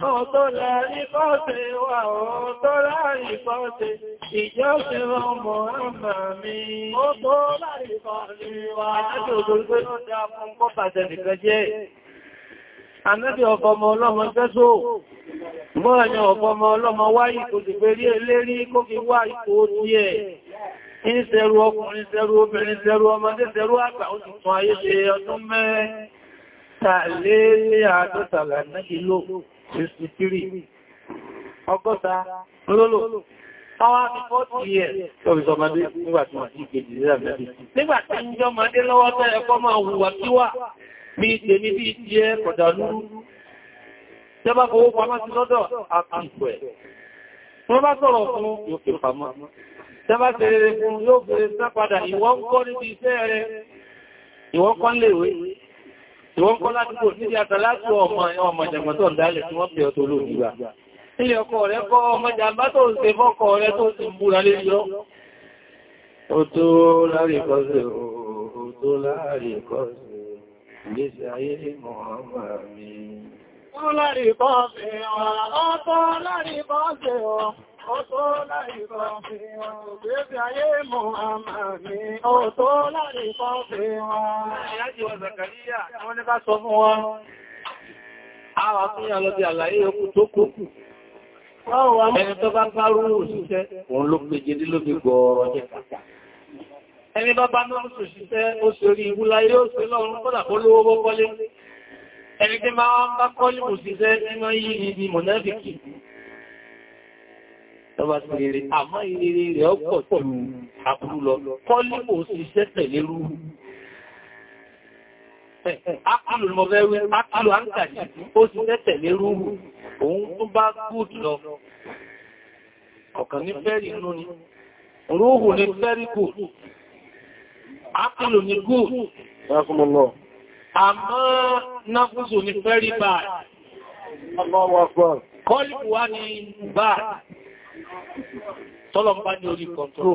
Ó tó láàrí pọ́sẹ̀ wà ó tó láàrí pọ́sẹ̀ ìjọ́sẹ̀ ọmọ ọmọ mi. Ó tó láàrí pọ́sẹ̀ wà láti òdòdó ló dá fún pọ́pàtẹ̀ nìkan jẹ́. Anábí ọkọ̀ ọmọ ọlọ́mọ tẹ́sò, mọ́ọ̀yàn ọkọ̀ ọmọ ọlọ́mọ wá ipò ti fèrí elérí kó fi wá ipò ti ẹ̀. Ń ṣẹrú ọkùnrin, ṣẹrú obìnrin, ṣẹrú ọmọdé, ṣẹrú àgbà, ó ti tún ayé ṣe ọdún mẹ́rin. 63 ọgọ́ta olólo Àwọn akẹ́kọ̀ọ́ ti yẹ̀ lọ́bìsọ ọmọdé nígbàtí wọ́n sí ìkejì ìrìnàmẹ́bí. Nígbàtí ń jọ ọmọdé lọ́wọ́ tẹ́ ẹ̀kọ́ máa hùwà kíwà bí i tèmi bí i ti ẹ kọ̀dà lúrú. Tẹ́bá fowó pamọ́ sí lọ́dọ̀ àpapọ̀ ẹ̀. Wọ́n bá sọ̀rọ̀ fún yóò fi pamọ́. Tẹ́bá Ìwọ́n kọ́ ládúgbò sí àtàlátù ọmọ ọmọ ìjàgbà tó ń dálẹ̀ tí wọ́n pè ọ́ tó lóògbé gbà. Ilé ọkọ rẹ̀ kọ́ ọmọ ìjàmbá tó ń ṣe fọ́kọ rẹ̀ tó ti múra lé yọ́. Ó tó ó tó láì kọ́ fi wọn. Bébí ayé mọ̀ àmà mi, ó tó láì kọ́ fi wọn. Ìyájí wa Zakariya, wọ́n ní ká sọ fún wọn. Àwọn àtúnyà lọ di àlàyé okù tó kókù. Ẹni tó bá gbárú òṣìṣẹ́, òun ló péje dí ló fi gọ̀ọ̀rọ̀ jẹ́ kàkà. Ẹni bá bá náà lọ́wọ́ sí rere àmọ́ ìrere rẹ̀ ọ̀pọ̀ pẹ̀lú àbúrú lọ kọ́límò ṣiṣẹ́ tẹ̀lé rú ákùlù mọ̀ fẹ́wẹ́ ákùlù áńkàjì ó ṣiṣẹ́ tẹ̀lé rú òun tó bá gùd lọ ọ̀kan ní fẹ́rì inú ni rúhù ní fẹ́rì gùd ákùlù ní gùd àmọ́ náfúsù ní fẹ́rì báyìí kọ́límù wá ní báyìí tọ́lọm bá ní orí kọ̀ntró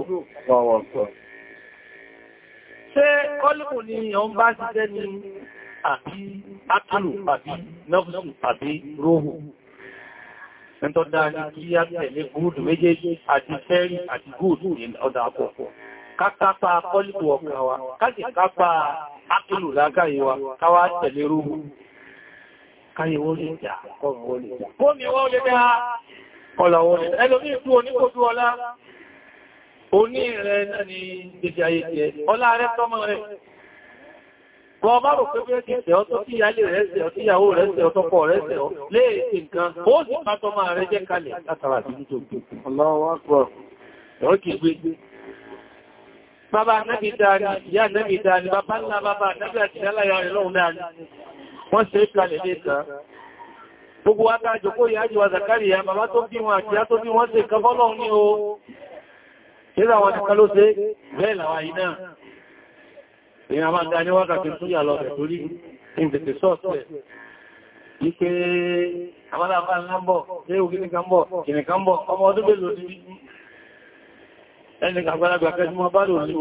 ṣe kọ́lùkù ni ọ ń bá ṣiṣẹ́ ní àbí átùlù àbí nọ́fùsù àbí róhù ẹ̀ntọ́ dáa ní kí á tẹ̀lé gúúdù méjèèjì àti fẹ́rí àti gúúdù ní ọdá àpọ̀pọ̀ kákápá kọ́lùkù ọkà wa káàkì kápá átùlù lágáyé wa káwá tẹ̀lé róhù káyẹ̀wọ́ lè jà kọ́rùn ọlọ́wọ́ ẹlòmí ìtú oníkòtú ọlá oní rẹ̀ ní ìdíjì ayé ọlá rẹ̀ tọ́mọ rẹ̀ wọ́n bá rò pé bí ẹ̀kì tẹ́ ọ tó kí ìyálé rẹ̀ ṣẹ̀ ọtí ìyàwó rẹ̀ ṣẹ̀ ọtọ́kọ rẹ̀ ṣẹ̀ ọ léèkì nǹkan ó sì bá tọ́mọ rẹ̀ jẹ́ kalẹ̀ látara àtúntò Bàbá nẹ́bí dáni, ìyá nẹ́bí dáni, bàbá ńlá bàbá nẹ́bí àti ìyálà ìyá rẹ̀ lọ́hùn dáni. Wọ́n ṣe é kalẹ̀ lé gbogbo wa káà jòkó ìyá jùwa Zakariya bàbá tó bí wọn àti tó bí wọ́n ṣe kan fọ́lọ́ ní o ṣílá wọn nìkan ló ṣe bẹ́ẹ̀ làwà yìí náà èyàn máa dá ní wákàtí súnyà lọ rẹ̀ torí ìgbẹ̀tẹ̀ sọ́ọ̀sẹ̀ wípé àmàlàfà ńlá ń bọ̀ ṣe ògínìkan bọ̀ kìnìkan bọ̀ ọmọ ọdún bèèrè àgbàlagbà kẹjú mọ́ bá lò ní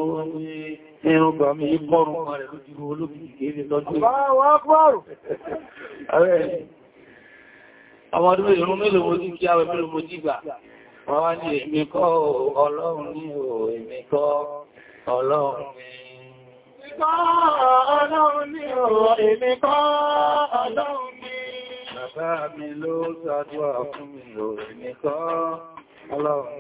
ẹran gbà mí bọ́rùn-ún rẹ̀ lójú olókìkì àwọn ọdún mélòó mélòó mo ti kí àwẹ̀ mélòó mo ti gbà wọ́n wá ní èmi kọ́ ọlọ́run ní o èmi kọ́ ọlọ́run mi ọlọ́run ní o èmi bàbá mi ló ṣàdúrà fún mi o èmi kọ́ ọlọ́run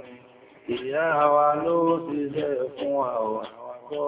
mi ìyá wa ló ṣiṣẹ́ fún àwọn àwọn akọ́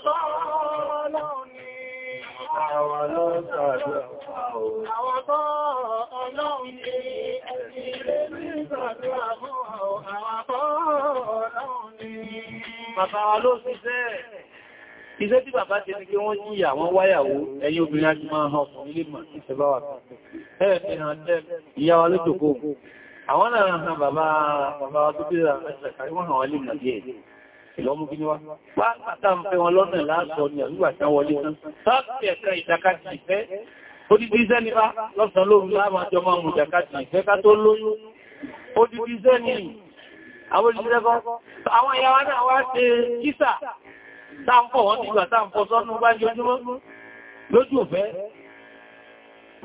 àwọn lọ́sàdọ̀ àwọn tó ọlọ́run ní ẹ̀sìn ilé ní ìsàdọ̀ àwọn tó ọlọ́run ní bàbá wa ló ṣiṣẹ́ iṣẹ́ tí bàbá ti ní kí wọ́n jíyà wọ́n wáyàwó ẹ̀yin obìnrin àti máa hàn fún ilé mọ̀ ìṣẹ́bá wà ẹ̀ẹ̀fẹ́ hàn tẹ́ ìyá wa lójòkó àwọn náà hàn bàbá wa tó bí lọ́mú bí níwá. Pàápàá ń fẹ́ wọn lọ́nà láàṣọ ni àríwà tán wọlé tán. Sáàpì ẹ̀ka ìjàkadì ìfẹ́. Ó di bí sẹ́ni bá lọ́sàn lóru láàmà jọ máa mú ìjàkadì ìfẹ́ ká tó lóyún. Ó di bí sẹ́ni àwọn kan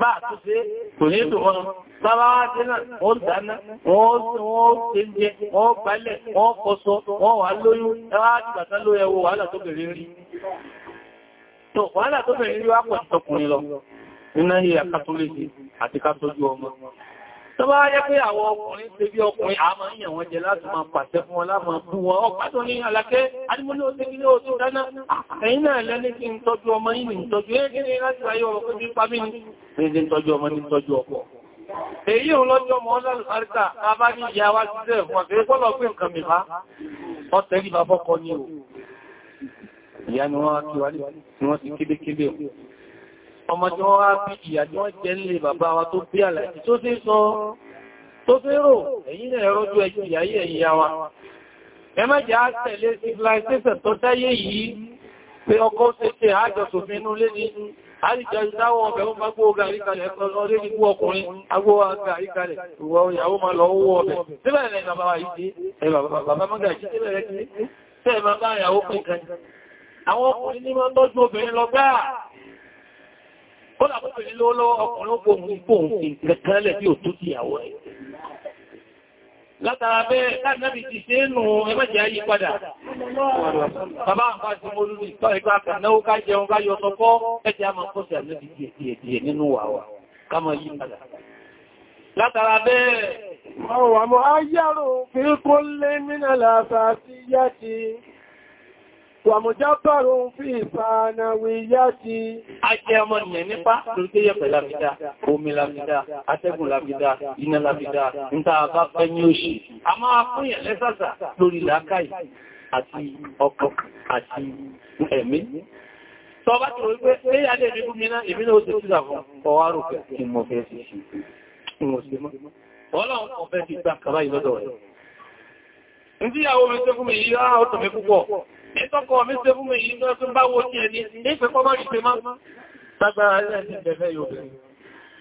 bá àtúnṣe kò ní ìdò wọn sábáwá tí náà wọ́n dáná wọ́n ṣe ń jẹ wọ́n gbálẹ̀ wọ́n fọṣọ wọ́n wà lóyún ẹwà àtìgbàtà ló ẹwọ wàhálà rí tó bá yẹ pé àwọn ọkùnrin ṣe bí ọkùnrin àmà yàn wọ́n jẹ láti máa pàṣẹ fún wọn láàmà bú wọn ọpàtọ̀ ní alákẹ́ adúmọ́lé ó ti kí ní oṣù dáná ẹ̀yìn náà lẹ́ni kí ń tọ́jú ọmọ yìí ń tọ́jú ẹgbẹ́ láti wáyé ọ̀rọ̀ pé bí pàmí ní tọ́jú ọmọ ní tọ́jú ọkọ̀ èyí òun lọ́jọ́ ọmọ ọlọ́lù ọmọ tí wọ́n wá bí ìyà tí wọ́n jẹ nílé bàbá wa tó bí àlàjì tó sí sọ tó fẹ́rò ẹ̀yìn náà rọ́jú ẹjì ìyàyí ẹ̀yìn ya wa ẹ má jẹ́ àtẹ̀lé civilization tó dáyé yìí pé ọkọ̀ tẹ́tẹ́ àjọsòfin inú lé ní àríjọ ìdáwọ̀ ọbẹ̀ ó bá gbóògà àríkalẹ̀ ẹ̀kọ́ lọ lé ní gbó ọkùnrin agbóògà àríkalẹ̀ ìwọ̀ ìyàwó ma lọ rẹ̀ bàbá yìí àwọn ọkùnrin ní mọ́ tọ́jú obìnrin lọ gbáà Kọ́lá púpọ̀ ní lọ́wọ́ ọkùnrin ó fòun fòun sí kẹkẹrẹlẹ̀ tí ò tó ti ìyàwó ẹ̀. Látara bẹ́ẹ̀ káàkiri ti ṣe nù ẹgbẹ́jẹ̀ ayé padà. Bàbá àpá ti mo lórí ìtọ́ ẹgbẹ́ àkànáwó ká jẹun ká yọ sọpọ́ ẹjẹ́ a máa kọ́sẹ̀ àmì díẹ̀díẹ̀ nínú wàwà ká máa yí padà. Látara bẹ́ẹ̀. Àwọn àmọ́ ayárò fi kó lé mínà làfà sí yá ti. Wàmùjábàrò ń fi ìfànàwì yá ti ajẹ́ ọmọ nìyàn nípa lórí tó yẹ̀pẹ̀ lábidá, omi lábidá, atẹ́gùn lábidá, iná lábidá, ń ta bá fẹ́ ní òṣì. A máa fún yẹ̀ lẹ́sàsà lórí làákàyè àti ọkọ̀ àti ẹ̀mí. Tọ́ bá ti wípé, "Ẹ yà lè Ndí ìyàwó mi ṣe fún mi yìí rárá ọ̀tọ̀ mi púpọ̀. Ìtọ́kọ̀ mi ṣe fún mi yìí tó tún bá wo tí ẹni ní ìfẹ́kọ́ bá ṣe máa tágbára ilẹ̀ ti bẹ̀rẹ̀ yóò bẹ̀rẹ̀.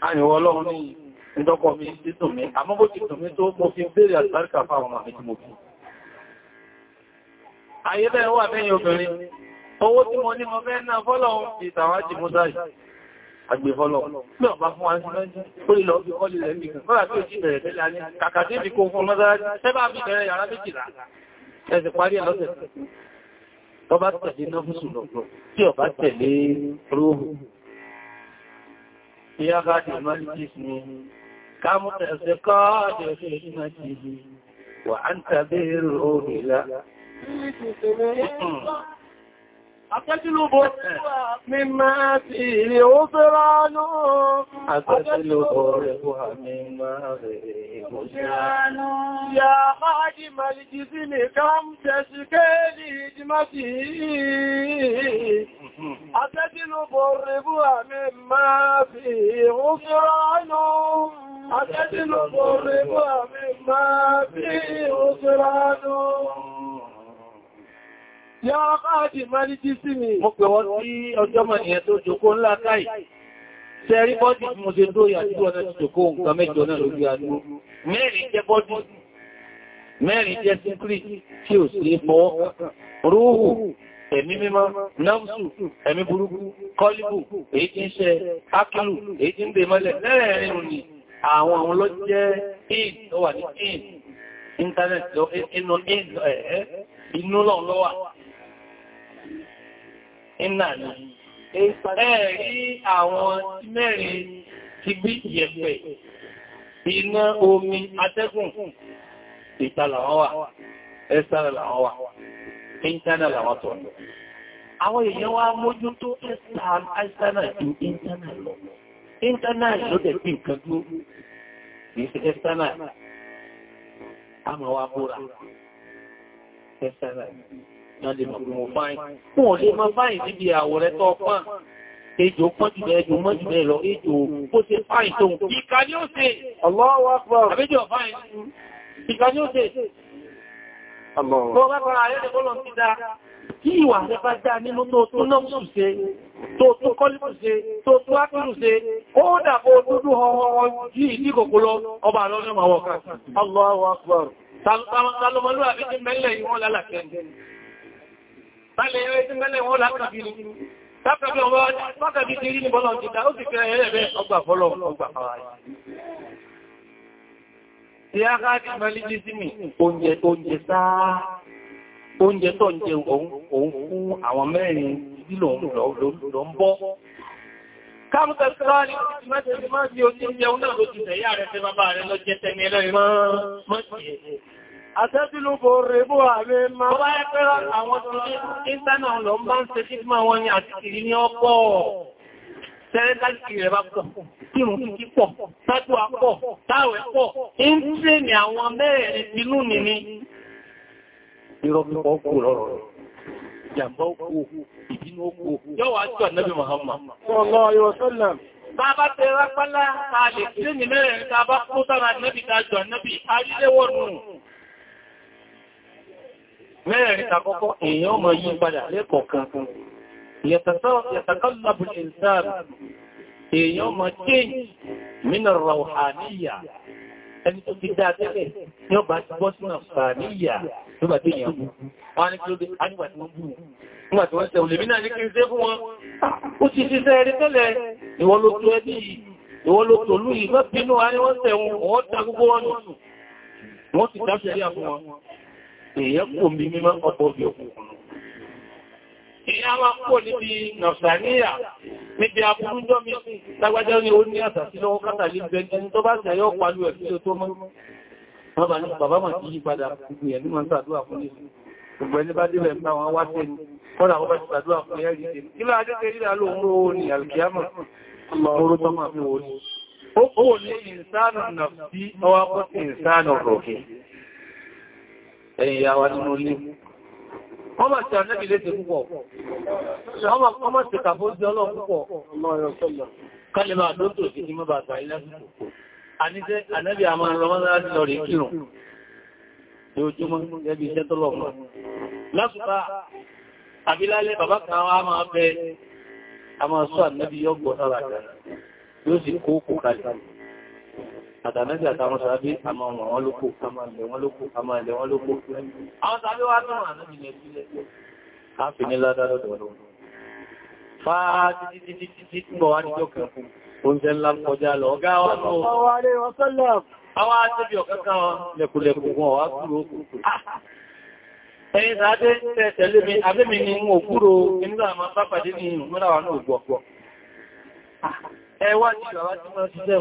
Àyìnwọ̀ ọlọ́run ní ìtọ́kọ̀ mi sí tùn mi, àmọ́ bó ti tùn mi tó mo fi béèrè àtàríkà fáwọn àmì tí mo fi. Ayébẹ̀ agbèfọ́lọ̀. Bí ọba fún wọn ó lè lọ bí ọlè rẹ̀ bí kan, mọ́ra tí ó jí bẹ̀rẹ̀ tẹ́lẹ̀ ní kàkàdé bí kò fún mọ́sára tẹ́bà bí bẹ̀rẹ̀ yàrá méjìlá. Ẹ̀sẹ̀ parí ẹ̀ lọ́sẹ̀ tọ́bá tẹ̀lé nọ́fúsù lọ́pọ̀ tí ọba tẹ̀lé róhù. Ìyá bá dì mọ́lìkìs ni, Àtẹ́sílúbò mi máa fi ilé ó fẹ́ra náà. Àtẹ́sílúbò rẹ̀ wà mi máa rẹ̀ ìgbò ṣe ránú. Yà máa jí màlìkì sí lè káàm tẹ̀sí kéèlì ìdímásì yìí. Àtẹ́sílúbò rẹ̀ wà mi máa fi ilé ó fẹ́ra náà. Àtẹ́sílúbò rẹ̀ wà mi máa fi ilé ó fẹ́ra náà. Yá káàdì máríjì sí mi. Mo pè wọ́n sí ọjọ́ mọ̀ ìyẹn tó jòkó ńlá káì. Ṣé rí bọ́dì mo ṣe tó yà sí ọ̀nà jòkó nǹkan mẹ́jọ náà lórí adúró. Mẹ́rin jẹ́ bọ́dì. Mẹ́rin jẹ́ síkírì tí ò sí fọwọ́. Rúhù ẹ̀mí mímọ́, náàmùsù, ẹ̀mí burúkú, kọlíbù, èyí internet, inú iná ni. Ẹ̀rí àwọn mẹ́rin ti gbí ìyẹ̀pẹ̀, iná omi atẹ́gùn, ìtàlà wọ́n wà, ẹ̀sára làwọn wà, ìntánà làwọn tọ̀ lọ. Àwọn èèyàn wá mójú tó ẹ̀sára ju ìntánà lọ. Ìntánà ló tẹ̀ sí nǹkan tó ẹ̀sára. A mọ̀ wá bóra. Ẹ̀sára láti mọ̀ fáìn fún òṣè máa fáìn níbi àwọ̀rẹ́ tọ́ pán ejò pọ́n jù bẹ́ẹ̀ jù mọ́ jù bẹ́ẹ̀ lọ ejò ó ṣe fáìn tó ìkà ní ó ṣe Allahu Akbar àbẹ́jọ fáìn ìkà ní ó ṣe kí ìwà rẹ̀ bá dá nínú tó tó nọ́pù ṣe tó tó kọ́lípù ṣe tó tó ápìlù ṣe ó dàbò dúdú ọwọ́ yìí ní kòkòrò ọba lọ́nà àwọn ọ̀kan. Allahu Akbar. Tàlọ́mọlúwà bí Bálẹ̀ ẹ̀rẹ́ tí mẹ́lẹ̀ wọn látàbí ni. Látàbí ọmọ látàbí ti rí ní bọ́lọ̀ jìta, ó sì fẹ́ ẹ̀rẹ́ bẹ́ ọgbà fọ́lọ̀ ọgbà fàwàrí. Tí a ká ti mẹ́lí jí sí mi, oúnjẹ tó ń jẹ sáá, oúnjẹ tó ń jẹ òun fún àwọn mẹ́rin dílò lọ ń bọ́. Káàmùtà síláàrí mẹ́tẹ̀ẹ́ máa di ojú ìjẹun náà ló ti tẹ̀yà rẹ̀ tẹ́ bàbá rẹ̀ lọ jẹ tẹ́mi ẹlẹ́rin máa Àtẹ́sílú kò rèébò àwẹ́ máa. Ọba ẹgbẹ́ àwọn tí ìsànà lọ ń bá ń ṣe fífíma wọn ni àtìkiri ní ọpọ̀. Sẹ́rẹ́dájì rẹ̀ bá pọ̀, kírùn kí pọ̀, sátú àpọ̀, táwẹ̀ pọ̀, ń tí ní àwọn mẹ́rin inú ni ni. Ìrọ̀pọ̀ kò lọ́rọ̀ ìjàmbá òkú ìbínú òkú yóò wá jọ nẹ́bí Muhammad. Sallallahu alaihi wasallam. Bá bá tẹ rápálá, ta lè tí ní mẹ́rẹ̀ ta bá kó tára nẹ́bí ta jọ nẹ́bí, arílẹ́wọ̀nù mẹ́rin àkọ́kọ́ èèyàn mọ̀ yí padà lẹ́kọ̀ọ̀kan yàtàkọ́lọ̀bù ìsáàrù èèyàn mọ̀ change mínà rọ̀hàníyà ẹni tó ti dá tẹ́lẹ̀ ní ọba ti bọ́ sínú àfàníyà ló bà tí èèyàn wọ́n ní kí ló dé anígbà tí wọ́n bú nígbà tí wọ́n tẹ̀wọ̀n lè mí náà ní kí n sé fún wọn ah, ó ti ṣiṣẹ́ rí tẹ́lẹ̀ ìwọ ló tó ẹbí ìwọ ló tó lú yìí lọ́pínú wa ní wọ́n tẹ̀wọ̀n wọ́n ta gbogbo wọn nù wọ́n ti dá èèyàn kò bí mímọ́ ọ̀pọ̀ bí òkùnkùn ìyá wa pọ̀ níbi nàfsàníyà níbi abúrújọ́ mi lágbàjá ní orí àtàsí lọ́wọ́ kátàlí bẹ̀ẹ̀ni tó bá sì ayọ́ pàlú ẹ̀ sílẹ̀ tó mọ́ bàbá ní bàbá mà ti yí padà gbogbo ẹ̀ ní mọ́ sàdúwà fún ní gbogbo ẹni bá débẹ̀ ń bá wọn wá sí ẹni kọ́nà wọ́n bá ti sàdúwà fún ẹ̀rí ṣe kí ló adé ṣe ríra ló ń ní alkiyama oró tọ́mà fi wò ní ó lè ìsánà nàfsí ọwá pọ́ sí ìsánà ẹ̀yìn ìyá nínú ilé wọ́n máa ṣe ànẹ́bì léṣe púpọ̀ wọ́n máa ṣe kàfójú ọlọ́run púpọ̀ kálẹ̀ máa dótò sí ti mọ́bà àgbà ilásìkò àníṣẹ́ a ní ojúmọ́ ẹbí àtànẹ́sì àtàwọn sàábí àmà wọn lókò àmà ilẹ̀ wọn lókò àmà ilẹ̀ wọn lókò àwọn sàábí wá tún wà náà ilẹ̀ sílẹ̀ káàfi ní ládàdọ̀dọ̀ lọ fáà títí títí títí bọ̀ wá níjọ́ kan oúnjẹ ńlá kọjá lọ ọgá wa náà àwọn àtẹ́bí ọ̀kankan lẹ́kùlẹ̀kù wọn wá kúrò kúrò ẹ̀yìn sàádé tẹ́tẹ̀lé mi abẹ́mi ni wọn kúrò nígbà máa pápàdé ní ìrùn mọ́ra wà náà gbọ̀gbọ̀ ẹwà ní ìgbà wá tí wọ́n ṣiṣẹ́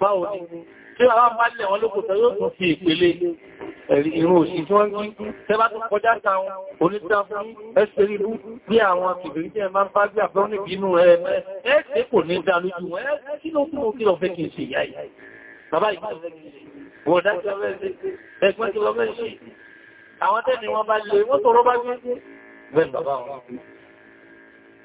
báwo ni tí àwọn amálẹ̀ wọn lókò tẹ́ yóò tún fi ìpele ìrún òsì tí wọ́n ń kí tẹ́bá tó kọjá sáwọn oníta fún ẹsẹ̀ rírú bí àwọn akìbìrí tí ẹ máa ń bá bí àbẹ́ òní bínú ẹ ẹ́ kò ní dá lójú ẹ kí ló kún òkè lọ fẹ́ kí n ṣe ìyá yìí bàbá ìgbẹ̀rẹ̀ ẹgbẹ́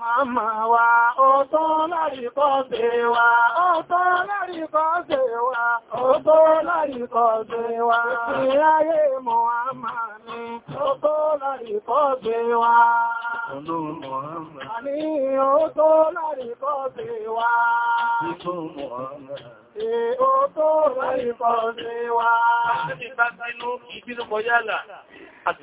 Mama wa, ó tó lárí kọ́ ṣe wa, ó tó lárí kọ́ ṣe wa, ó tó lárí kọ́ ṣe wa. Ìpí ayé ama àmà ni, ó tó lárí kọ́ ṣe wa. Olóòmọ̀ àmà. Àní ó tó lárí kọ́ ṣe wa. Ìtòmọ̀ àmà. Ó tó lárí kọ́ ṣe wa. Àti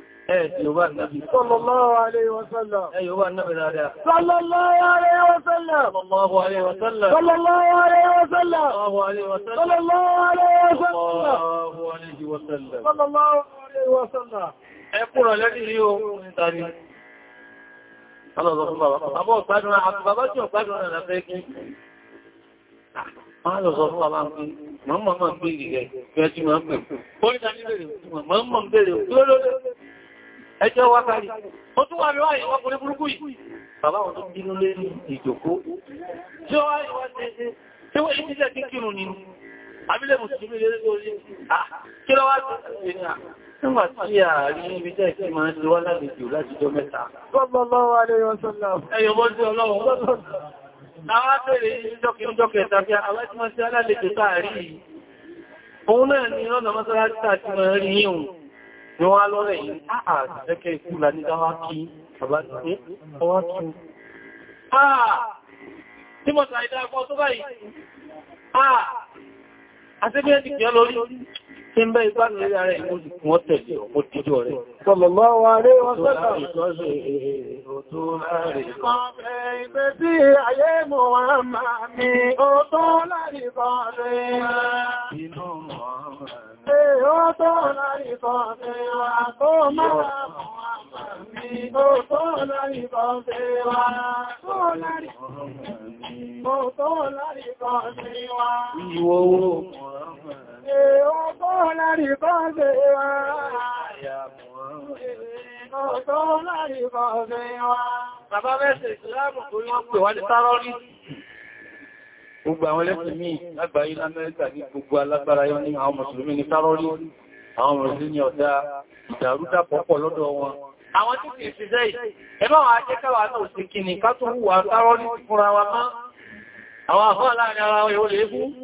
Ẹ̀yọ̀wà náàbì sallallahu alayhi wa sallam. Ẹ̀yọ̀wà náàbì dáadáa. Sallallahu alayhi wa sallam. Sallallahu alayhi wa sallam. Sallallahu alayhi wa sallam. Sallallahu alayhi wa sallam. Sallallahu alayhi wa sallam. Sallallahu alayhi wa sallam. Ẹkùnrọ̀ lẹ́dí rí ohun ìtàrí. Alọ́dọ̀ fún bàbá. Àbọ́ ọ̀gbádùn àti bàbá tí ọ̀gbádùn náà lẹ́fẹ́ kí. Máa lọ sọ fún bàbá ń mọ́mọ́ mọ́ ń pín ìrẹ̀, kí máa ń pẹ̀. Ó ní ta mọ́mọ́ bèèrè, ẹjọ́ wá kárí. Ó tún wà rí wáyé ọkùnrin burúkú yìí. Bàbá wọn tó bínú lé ní ìjòkó. Tí ó wáyé wá ṣe ṣe, tí wọ́n ṣe ṣe kí kírun ni. Abílẹ̀ Mùsùlùmí lé lórí. Kí lọ wá ṣe ṣe Nígbà tí ààrí ibi jẹ́ ìsí máa ń lọ lágbègbè láti jọ mẹ́ta. Sallallahu alaihi wasallam. Ẹyọ̀ bọ́ sí ọlọ́run. Àwọn àpẹẹrẹ ìjọkẹ̀ẹ́jọkẹ̀ tàbí àwọn tí wọ́n sí ni ni wọ́n lọ́rẹ̀ yìí ààrẹ̀kẹ́ ah, ah, ikú lànídá wá kí bàbá ní ọwá kí àà tí mọ̀ tàídá ọkọ̀ tó báyìí àà ah, àti ẹ́ ti kìí lórí tí Ìwọ̀ owó. Ẹ̀ lárí bá ṣe wá. Bàbá ní Gbogbo àwọn ẹlẹ́sìn míì lágbàáyé l'Amẹ́ríkà ní gbogbo alágbára yọ ní àwọn ní àwọn ọ̀dá ìdàrúdàpọ̀ pọ̀ lọ́dọ̀ wọn. Àwọn tí kìí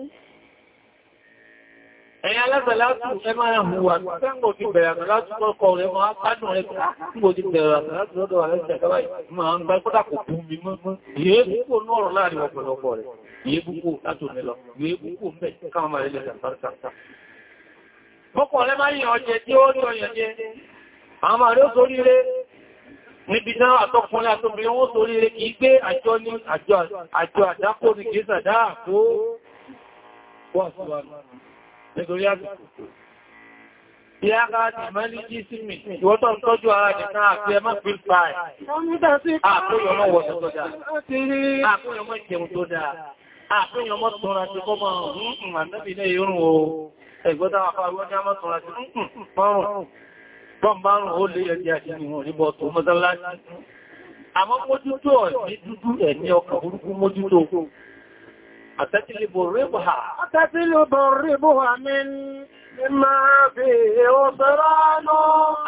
Ẹ̀yà alágbàlátù ẹ máa hùwà tẹ́gbò ah, ti bẹ̀rẹ̀ àgbàlátù mọ́kọ̀ rẹ̀ máa pàdùn rẹ̀ tẹ́gbò ti bẹ̀rẹ̀ àgbàlátù lọ́dọ̀ àrẹ́ ìjẹ̀kọ́lá ìmáà ń bá kọ́dà kò bú mi mọ́. Ìyẹ́ púpò náà rọ̀ láàrin ọ̀pọ̀lọpọ̀ rẹ̀. Ìyẹ́ púpò látò mẹ́lọ. Ìyẹ́ púpò mẹ́ káwọn máa lẹ́lẹ́ ìjàmbá. Mọ́kọ̀ rẹ̀ máa yàn ọjẹ́ tí ó yọ yẹn jẹ́. Àwọn máa rí ó sórí rẹ̀ níbi náà àtọkùnrin àtọkùnrin wọ́n sórí rẹ̀ kìí gbé àjọ ní àjọ àdápò ní kìí sàdáà tó wà síwájú nítorí àbùkù. Ìyára ti mẹ́lí jí sí mi, ìwọ́tọ̀ tọ́jú ara nìkan àti ẹmọ́ píl pàì. Àkóyọmọ́ wọ̀sọ̀ tó dáa. Àkóyọmọ́ ìjẹun tó dáa. Àkóyọmọ́ tọ́ra ti kọ́ mọ́ ọ̀rún àdẹ́bì ilé ìrùn o. Ẹgbọ́ta àpá àwọn ọjọ́ tọ́ra ti mọ́rùn. Bọ́m̀bárùn ó lè ẹgbẹ́ àti ìwọ̀n rí bọ́ tó mọ́sánlá. Àmọ́ mójútó ẹ̀ ní dúdú ẹ̀ ní ọkàn burúkú mójútó àtẹ́tìlìbò rébùhà. àtẹ́tìlìbò rébùhà mi mímá fi òṣèránú.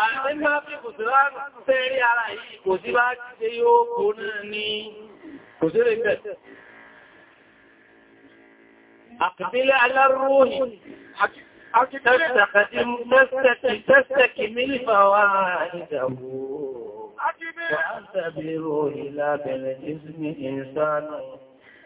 àìmá fi òṣèránú tẹ́rí ara yìí kò sí bá ṣe yóò kó náà ní kò sí rẹ̀ bẹ̀. àkàbílẹ̀ aláròyìn tẹ́sẹ̀kì mílífà wà ìjàwó. Wọ́n ń tàbí rò ìlàbẹ̀rẹ̀ jísmi ìsánú.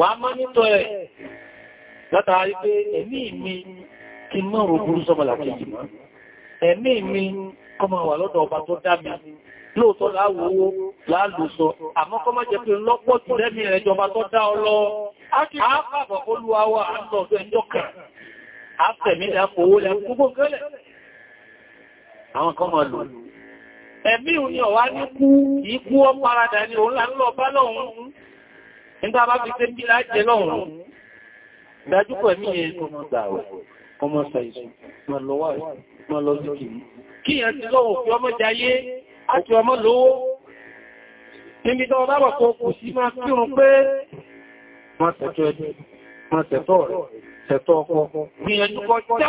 wà má nítọ́ ẹ̀ látàrí pé ẹ̀mí mi kí mọ́ rò burú sọmọlà kejì mọ́ ẹ̀mí mi kọmọ wà lọ́dọ̀ ọba tó dá mi lóòtọ́ láwòwó láàlùsọ àmọ́ kọ́ má jẹ́ pé lọ́pọ̀ jù lẹ́mí rẹ̀ jọba tó dá ọ lọ ápàbọ̀ olúwawà àtọ̀dọ̀ ẹjọ́ kan àtẹ̀mídà fòwó lẹ gbogbo gẹ́lẹ̀ àwọn kan mọ̀ lò ẹ̀mí ò ní ọ̀wá ní kú ìkú ọ paradà ni òun lọ bá lọ́hun nígbà bá fi tẹ́bí láàjẹ́ lọ́run dájúkọ̀ ní ẹgbọ́n gbàwẹ̀ ọmọ sàìsù ma lọ wà ma lọ sí kìí kí yẹn ti lọ́wọ́ fi ọmọ jayé àti ọmọ lówó níbi tọ́ bábọ̀ kó kù sí máa kí wọn pé ma tẹ̀tọ́ rẹ̀ tẹ̀tọ́ ọkọ̀ gbìyànjú kọjá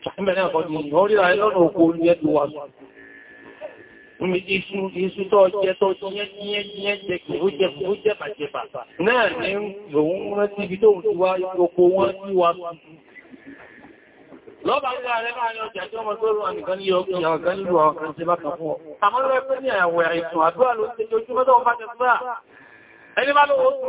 Ìbẹ̀rẹ̀ Lọ́bàá ń gbà rẹ̀ láàrin ọjà tí ọmọ tó rọ̀ nìkan ní ọkùnrin àwọn kan nílùú àwọn bá kan ọ. Àmọ́ lọ́pẹ́ ní àwẹ̀ ìtùn àdúrà ló ń tẹ́jọ ojúmọ́ tó ń bá jẹ́ fúrà. Ẹni bá lówó tún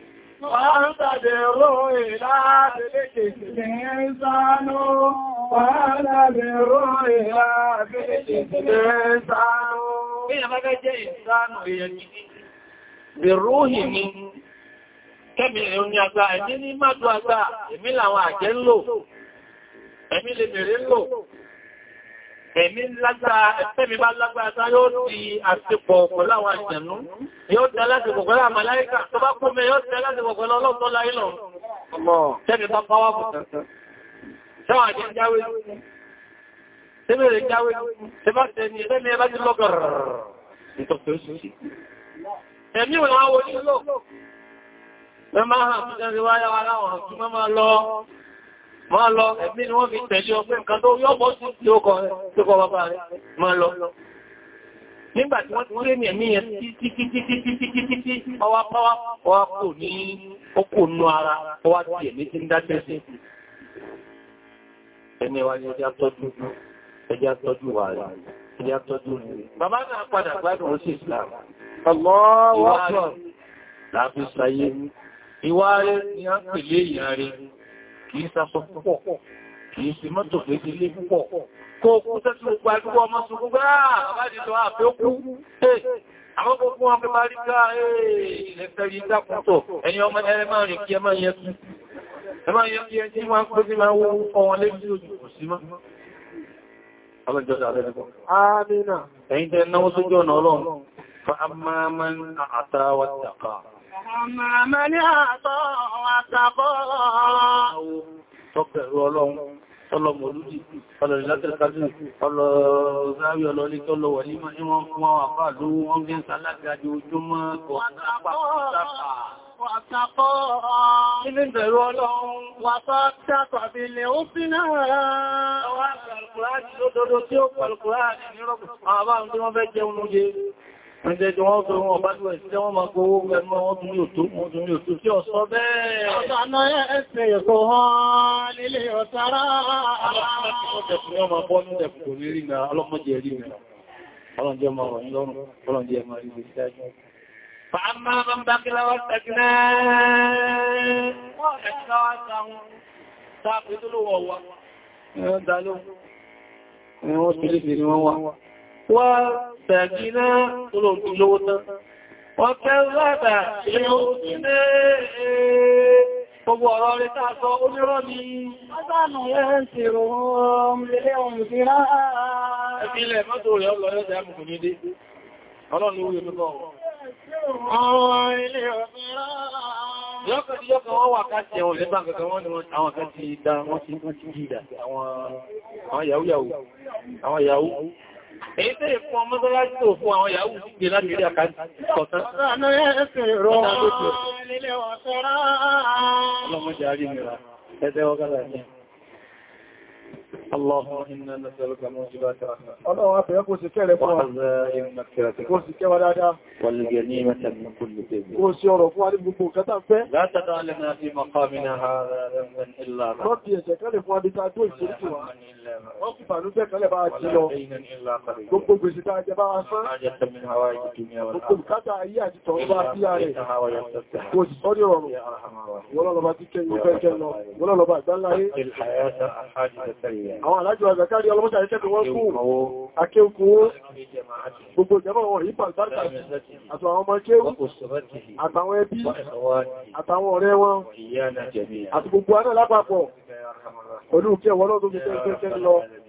وانتظروا إلى ذلك الإنسان وانتظروا إلى ذلك الإنسان Bìrúhì mi, kẹ́mi ẹ̀yùn ni àgbà ẹ̀mí ní máa tó àgbà, èmi làwọn àjẹ́ ń lò, èmi lè mèrè ń lò, Èmi lágbára, ẹ̀fẹ́mi bá lágbára tá yóò di àṣepọ̀ pẹ̀lú àwọn àjẹ̀nú, yóò dá láti pọ̀pọ̀ láà màláíkà tó bá kú mẹ́ yóò dá láti pọ̀pọ̀ lọ́lọ́tọ́ láyé lọ. Ṣẹ́ni bá pàwà bù. Ṣẹ́wà jẹ́ jáwé. Ṣẹ́bẹ̀ rẹ̀ jáwé. Ṣẹ́bá tẹ́ni ẹ̀fẹ́mi ẹbá ti lọ́gọ̀rọ̀ máa lọ ẹ̀mí ni wọ́n fi tẹ̀lé ọgbẹ́ nǹkan tó yọ́ bọ́ sí tí ó kọ rẹ̀ tó kọ bàbá rẹ̀ máa lọ nígbà tí wọ́n ti wọ́n lé ní ẹ̀mí yẹn títítítítítítítí pàwápàwá wá kò ní ókò nú ara wá tí ẹ̀mí ti ń dájẹ́ sí ẹni wá ni, ọjá tọ́jú ẹjá tọ́jú wà rẹ̀ ẹjá tọ́jú rẹ̀ bàbá náà padà gbádùn ó sì Islam ìwà rẹ̀ ni a pèlé ìyà rẹ̀ kìí sasọ púpọ̀ kìí sí mọ́tò pé ti púpọ̀ kó kú sẹ́tù gbogbo àdúgbò ọmọ sọ gbogbo àbá nìtọ́ àfẹ́ ó kú àwọn gbogbo wọn pẹ́pàá rí ká ẹ̀ẹ́lẹ́fẹ́rí dákúntọ̀ ẹni ọmọ ẹlẹ́mọ́ kí ẹ máa yẹ kí ẹ kí ẹ tí wọ́n pẹ́ sí máa wọ́n fọ́ wọn lébí lójú sí mọ́ ọlọ́jọ́jọ́ àdẹ́lẹ́kọ̀ọ́ àmín ẹ̀yin tẹ́ náwó Ọmọ mẹ́ni àtọ́ àtàkọ́ tọ́pẹ̀rọ ọlọ́run ọlọ́mọ olúdí ọlọ́rin látẹ́kàdù ọlọ́rin ọlọ́rí tó lọ wà nímọ̀ ní wọ́n fún àwọn àpá àdó wọ́n gẹ́ ń sálágájú ojúmọ́ kò àtàkọ́ ilé ìbẹ̀rù ọlọ́run wà tàbí ilẹ̀ ó fi náà wà pẹ̀lú Ẹjẹ́ wọ́n tó wọn bá lúwẹ̀ sí wọ́n máa gbówó ẹmọ́ wọn tún yóò tó, wọn tún yóò bẹ́ẹ̀. Ọ̀sọ́ àná ẹ̀ẹ́sẹ̀ ẹ̀kọ́ hàn lílé ọ̀sára. Àwọn ọmọdé ẹ̀rí wọ́n sàgínà olóòtú lówó tán wọ́n kẹ́rọ̀dà ṣe ó ti lé gbogbo ọ̀rọ̀ rẹ̀ tààsọ onírọ́ ni ọdánù ẹ̀ ń ti rò ọm lélé ohun ti ẹ̀fílẹ̀ mọ́tò rẹ̀ ọlọ́rẹ́ ọ̀dá mùkù ní dé ọlọ́run ní wúye ọ̀rọ̀ ilé ọ̀fẹ́ rá yọ́kọ̀ tí yọ́kọ̀ Èyí tẹ́ fún ọmọ tó láti tó fún àwọn yàwó sí gbé láti rí àkájì kọ̀tán. Ọlọ́mọdé àrí mìíràn, ẹgbẹ́ ọgá láti. اللهم إنا نسألك موجبات رحمتك الله أعطيك وسكرك وحزائم مكرتك وسكرك ولا والجنيمة من كل ذنب وسيرك وعلم بكوكة لا تدع لنا في مقامنا هذا ذنبا إلا رحمة ربي يسكرك وعلم تعدوي سرك وقفا نسك لبعا جلو كبكو بسكا جبا أسا حاجة من هواي الدنيا والآخر كبكو كتا أياج توبا سياري وسيرك ولا لبا تكي وفاك الله ولا لبا دلعي الحياة حاجة سريعة àwọn alájò àzàkárí ọlọ́mọ́ta ìṣẹ́kọ̀ wọ́n kú akéòkú gbogbo ìjẹmọ́ wọn yípa ìbárkà àtàwọn ọmọ kéò àtàwọn ẹbí àtàwọn ọ̀rẹ́ wọn àti gbogbo aná lápapọ̀ olú kí ẹwọ́n lọ́dún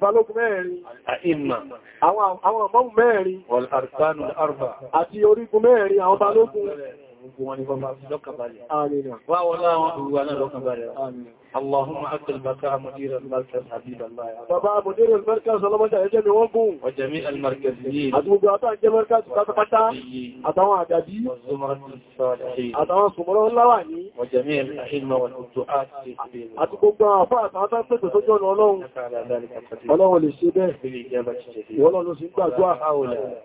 balógun mẹ́rin àìmà àwọn ọmọ mẹ́rin àti orígun mẹ́rin àwọn balógun gbogbo wọn ni wọ́n bá lọ́kànbalẹ̀ wá wọ́n láwọn olúwa náà lọ́kànbalẹ̀ Allahumma akil baka mudir al-markaz habib Allah baba mudir al-markaz ọlọ́mọdé ẹjẹ́ mi wọ́n gùn wa jami al-markaz yìí àti gbogbo àtọ́ àjẹ́ markaz pátápátá àtàwọn àdàbí àtàwọn sùmọ́rọ̀ láwà ní wa jami al-ahimma wa tuntun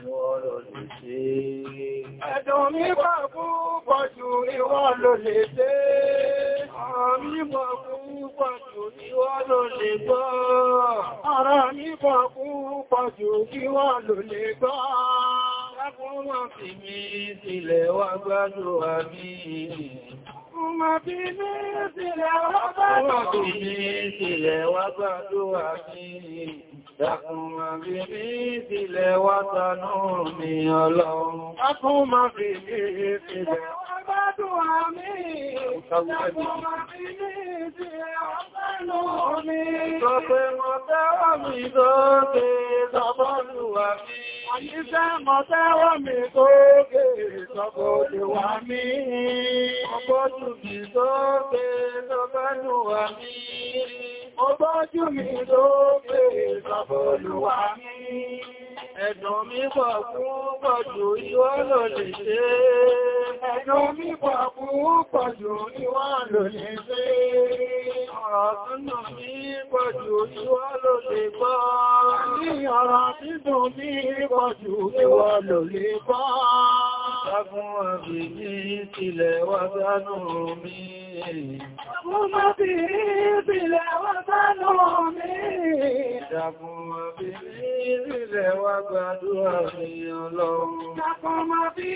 ìwọ ló lè ṣe. Ẹ̀dùn mi pàkú pọ̀jù ìwọ ló lè ṣe. Àràmíbà kún pàjò kí wá lò lè gbọ́. Àràmíbà kún pàjò kí wá lò lè gbọ́. Lákún máa fi mi sílẹ̀ wá gbádùn àmì. Máa fi mi sílẹ̀ wá gbádùn àmì. Dákun máa fi mi sílẹ̀ wá tanú mi ọlọ́run. Dákun fi mi sílẹ̀ wá gbádùn àmì ìjọba mi ní ìdí ọ̀pẹ́nu mi. Sọ pé mo tẹ́wọ́ mi lókè sọ́bọ́lù àmì. Àyíṣẹ́ mo tẹ́wọ́ mi lókè sọ́bọ́lù àmì. Ọgbọ́jù mi lókè sọ́bọ́lù àmì. Ọgbọ́jù mi lókè sọ́bọ́lù àmì. Ẹ̀dùn mi pọ̀ fún pọ̀jù ìwọ́ lò lè ṣe. Ẹ̀dùn mi pọ̀ fún pọ̀jù ìwọ́ lò lè ṣe. Ọ̀rọ̀ tún mi pọ̀jù ìwọ́ lò lè gbọ́. Ní ọ̀rọ̀ tún mi pọ̀jù ìwọ́ lò lè gbọ́. Mo mọ́ bí ìbílẹ̀ wà gbádùn mi. Dàpọ̀ mọ́ bí ìbílẹ̀ wà gbádùn mi ọlọ́run. Dàpọ̀ mọ́ bí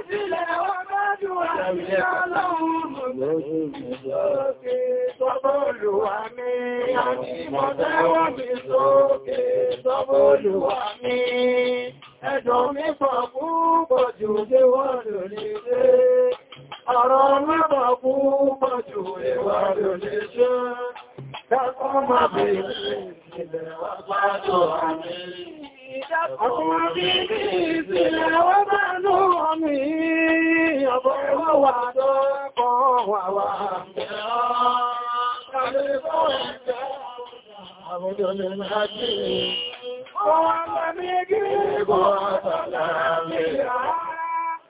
ìbílẹ̀ wà gbádùn mi ọlọ́run. Lójú mi sókè, sọ́bọ̀ olùwà mi. Àti mọ̀tẹ́wọ̀ mi sókè, sọ́bọ̀ olùwà mi. Ẹ̀dùn mi pọ̀ púpọ̀ jù dé wọ́n lò ní ilé ọ̀rọ̀ mẹ́bà fún pàjù ìwà lòlẹ́ ṣe dákọ́ máa bèèrè ìbẹ̀rẹ̀ wà pàjù àmì Àkùnrin bí ìsìnlẹ̀ wọ́n bá ní ọmọ ìyàbọ̀ ẹwọ́ wà lọ́pọ̀ wà wà. Àwọn ìjọba ń hajjí. Ọwọ́ àmì gírí kò àtàlà mìíràn.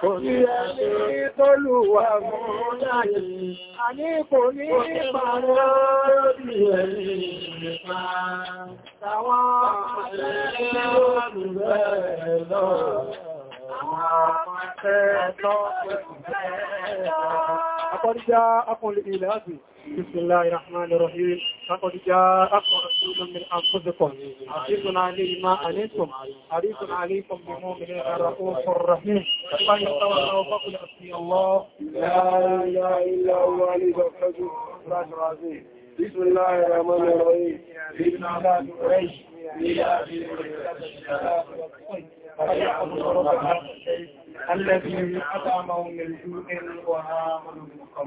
Kò sí ẹni tó lùwà fún láyé, a ní kò ní ìpàdá lórí ẹni ìpa. Àwọn àṣẹ́lẹ́ olùgbẹ́ lọ, àwọn àṣẹ́lẹ́ olùgbẹ́ lọ. لقد جاءكم الإله بسم الله الرحمن الرحيم لقد جاءكم رسول من أنفسكم عزيز عليه ما عليكم حريص عليكم بمؤمنين الرؤوف الرحيم فإن تولوا فقل حسبي الله لا إله إلا هو عليه الحجر العظيم بسم الله الرحمن الرحيم ابن عباد قريش إلى الذي أطعمهم من جوع وآمنوا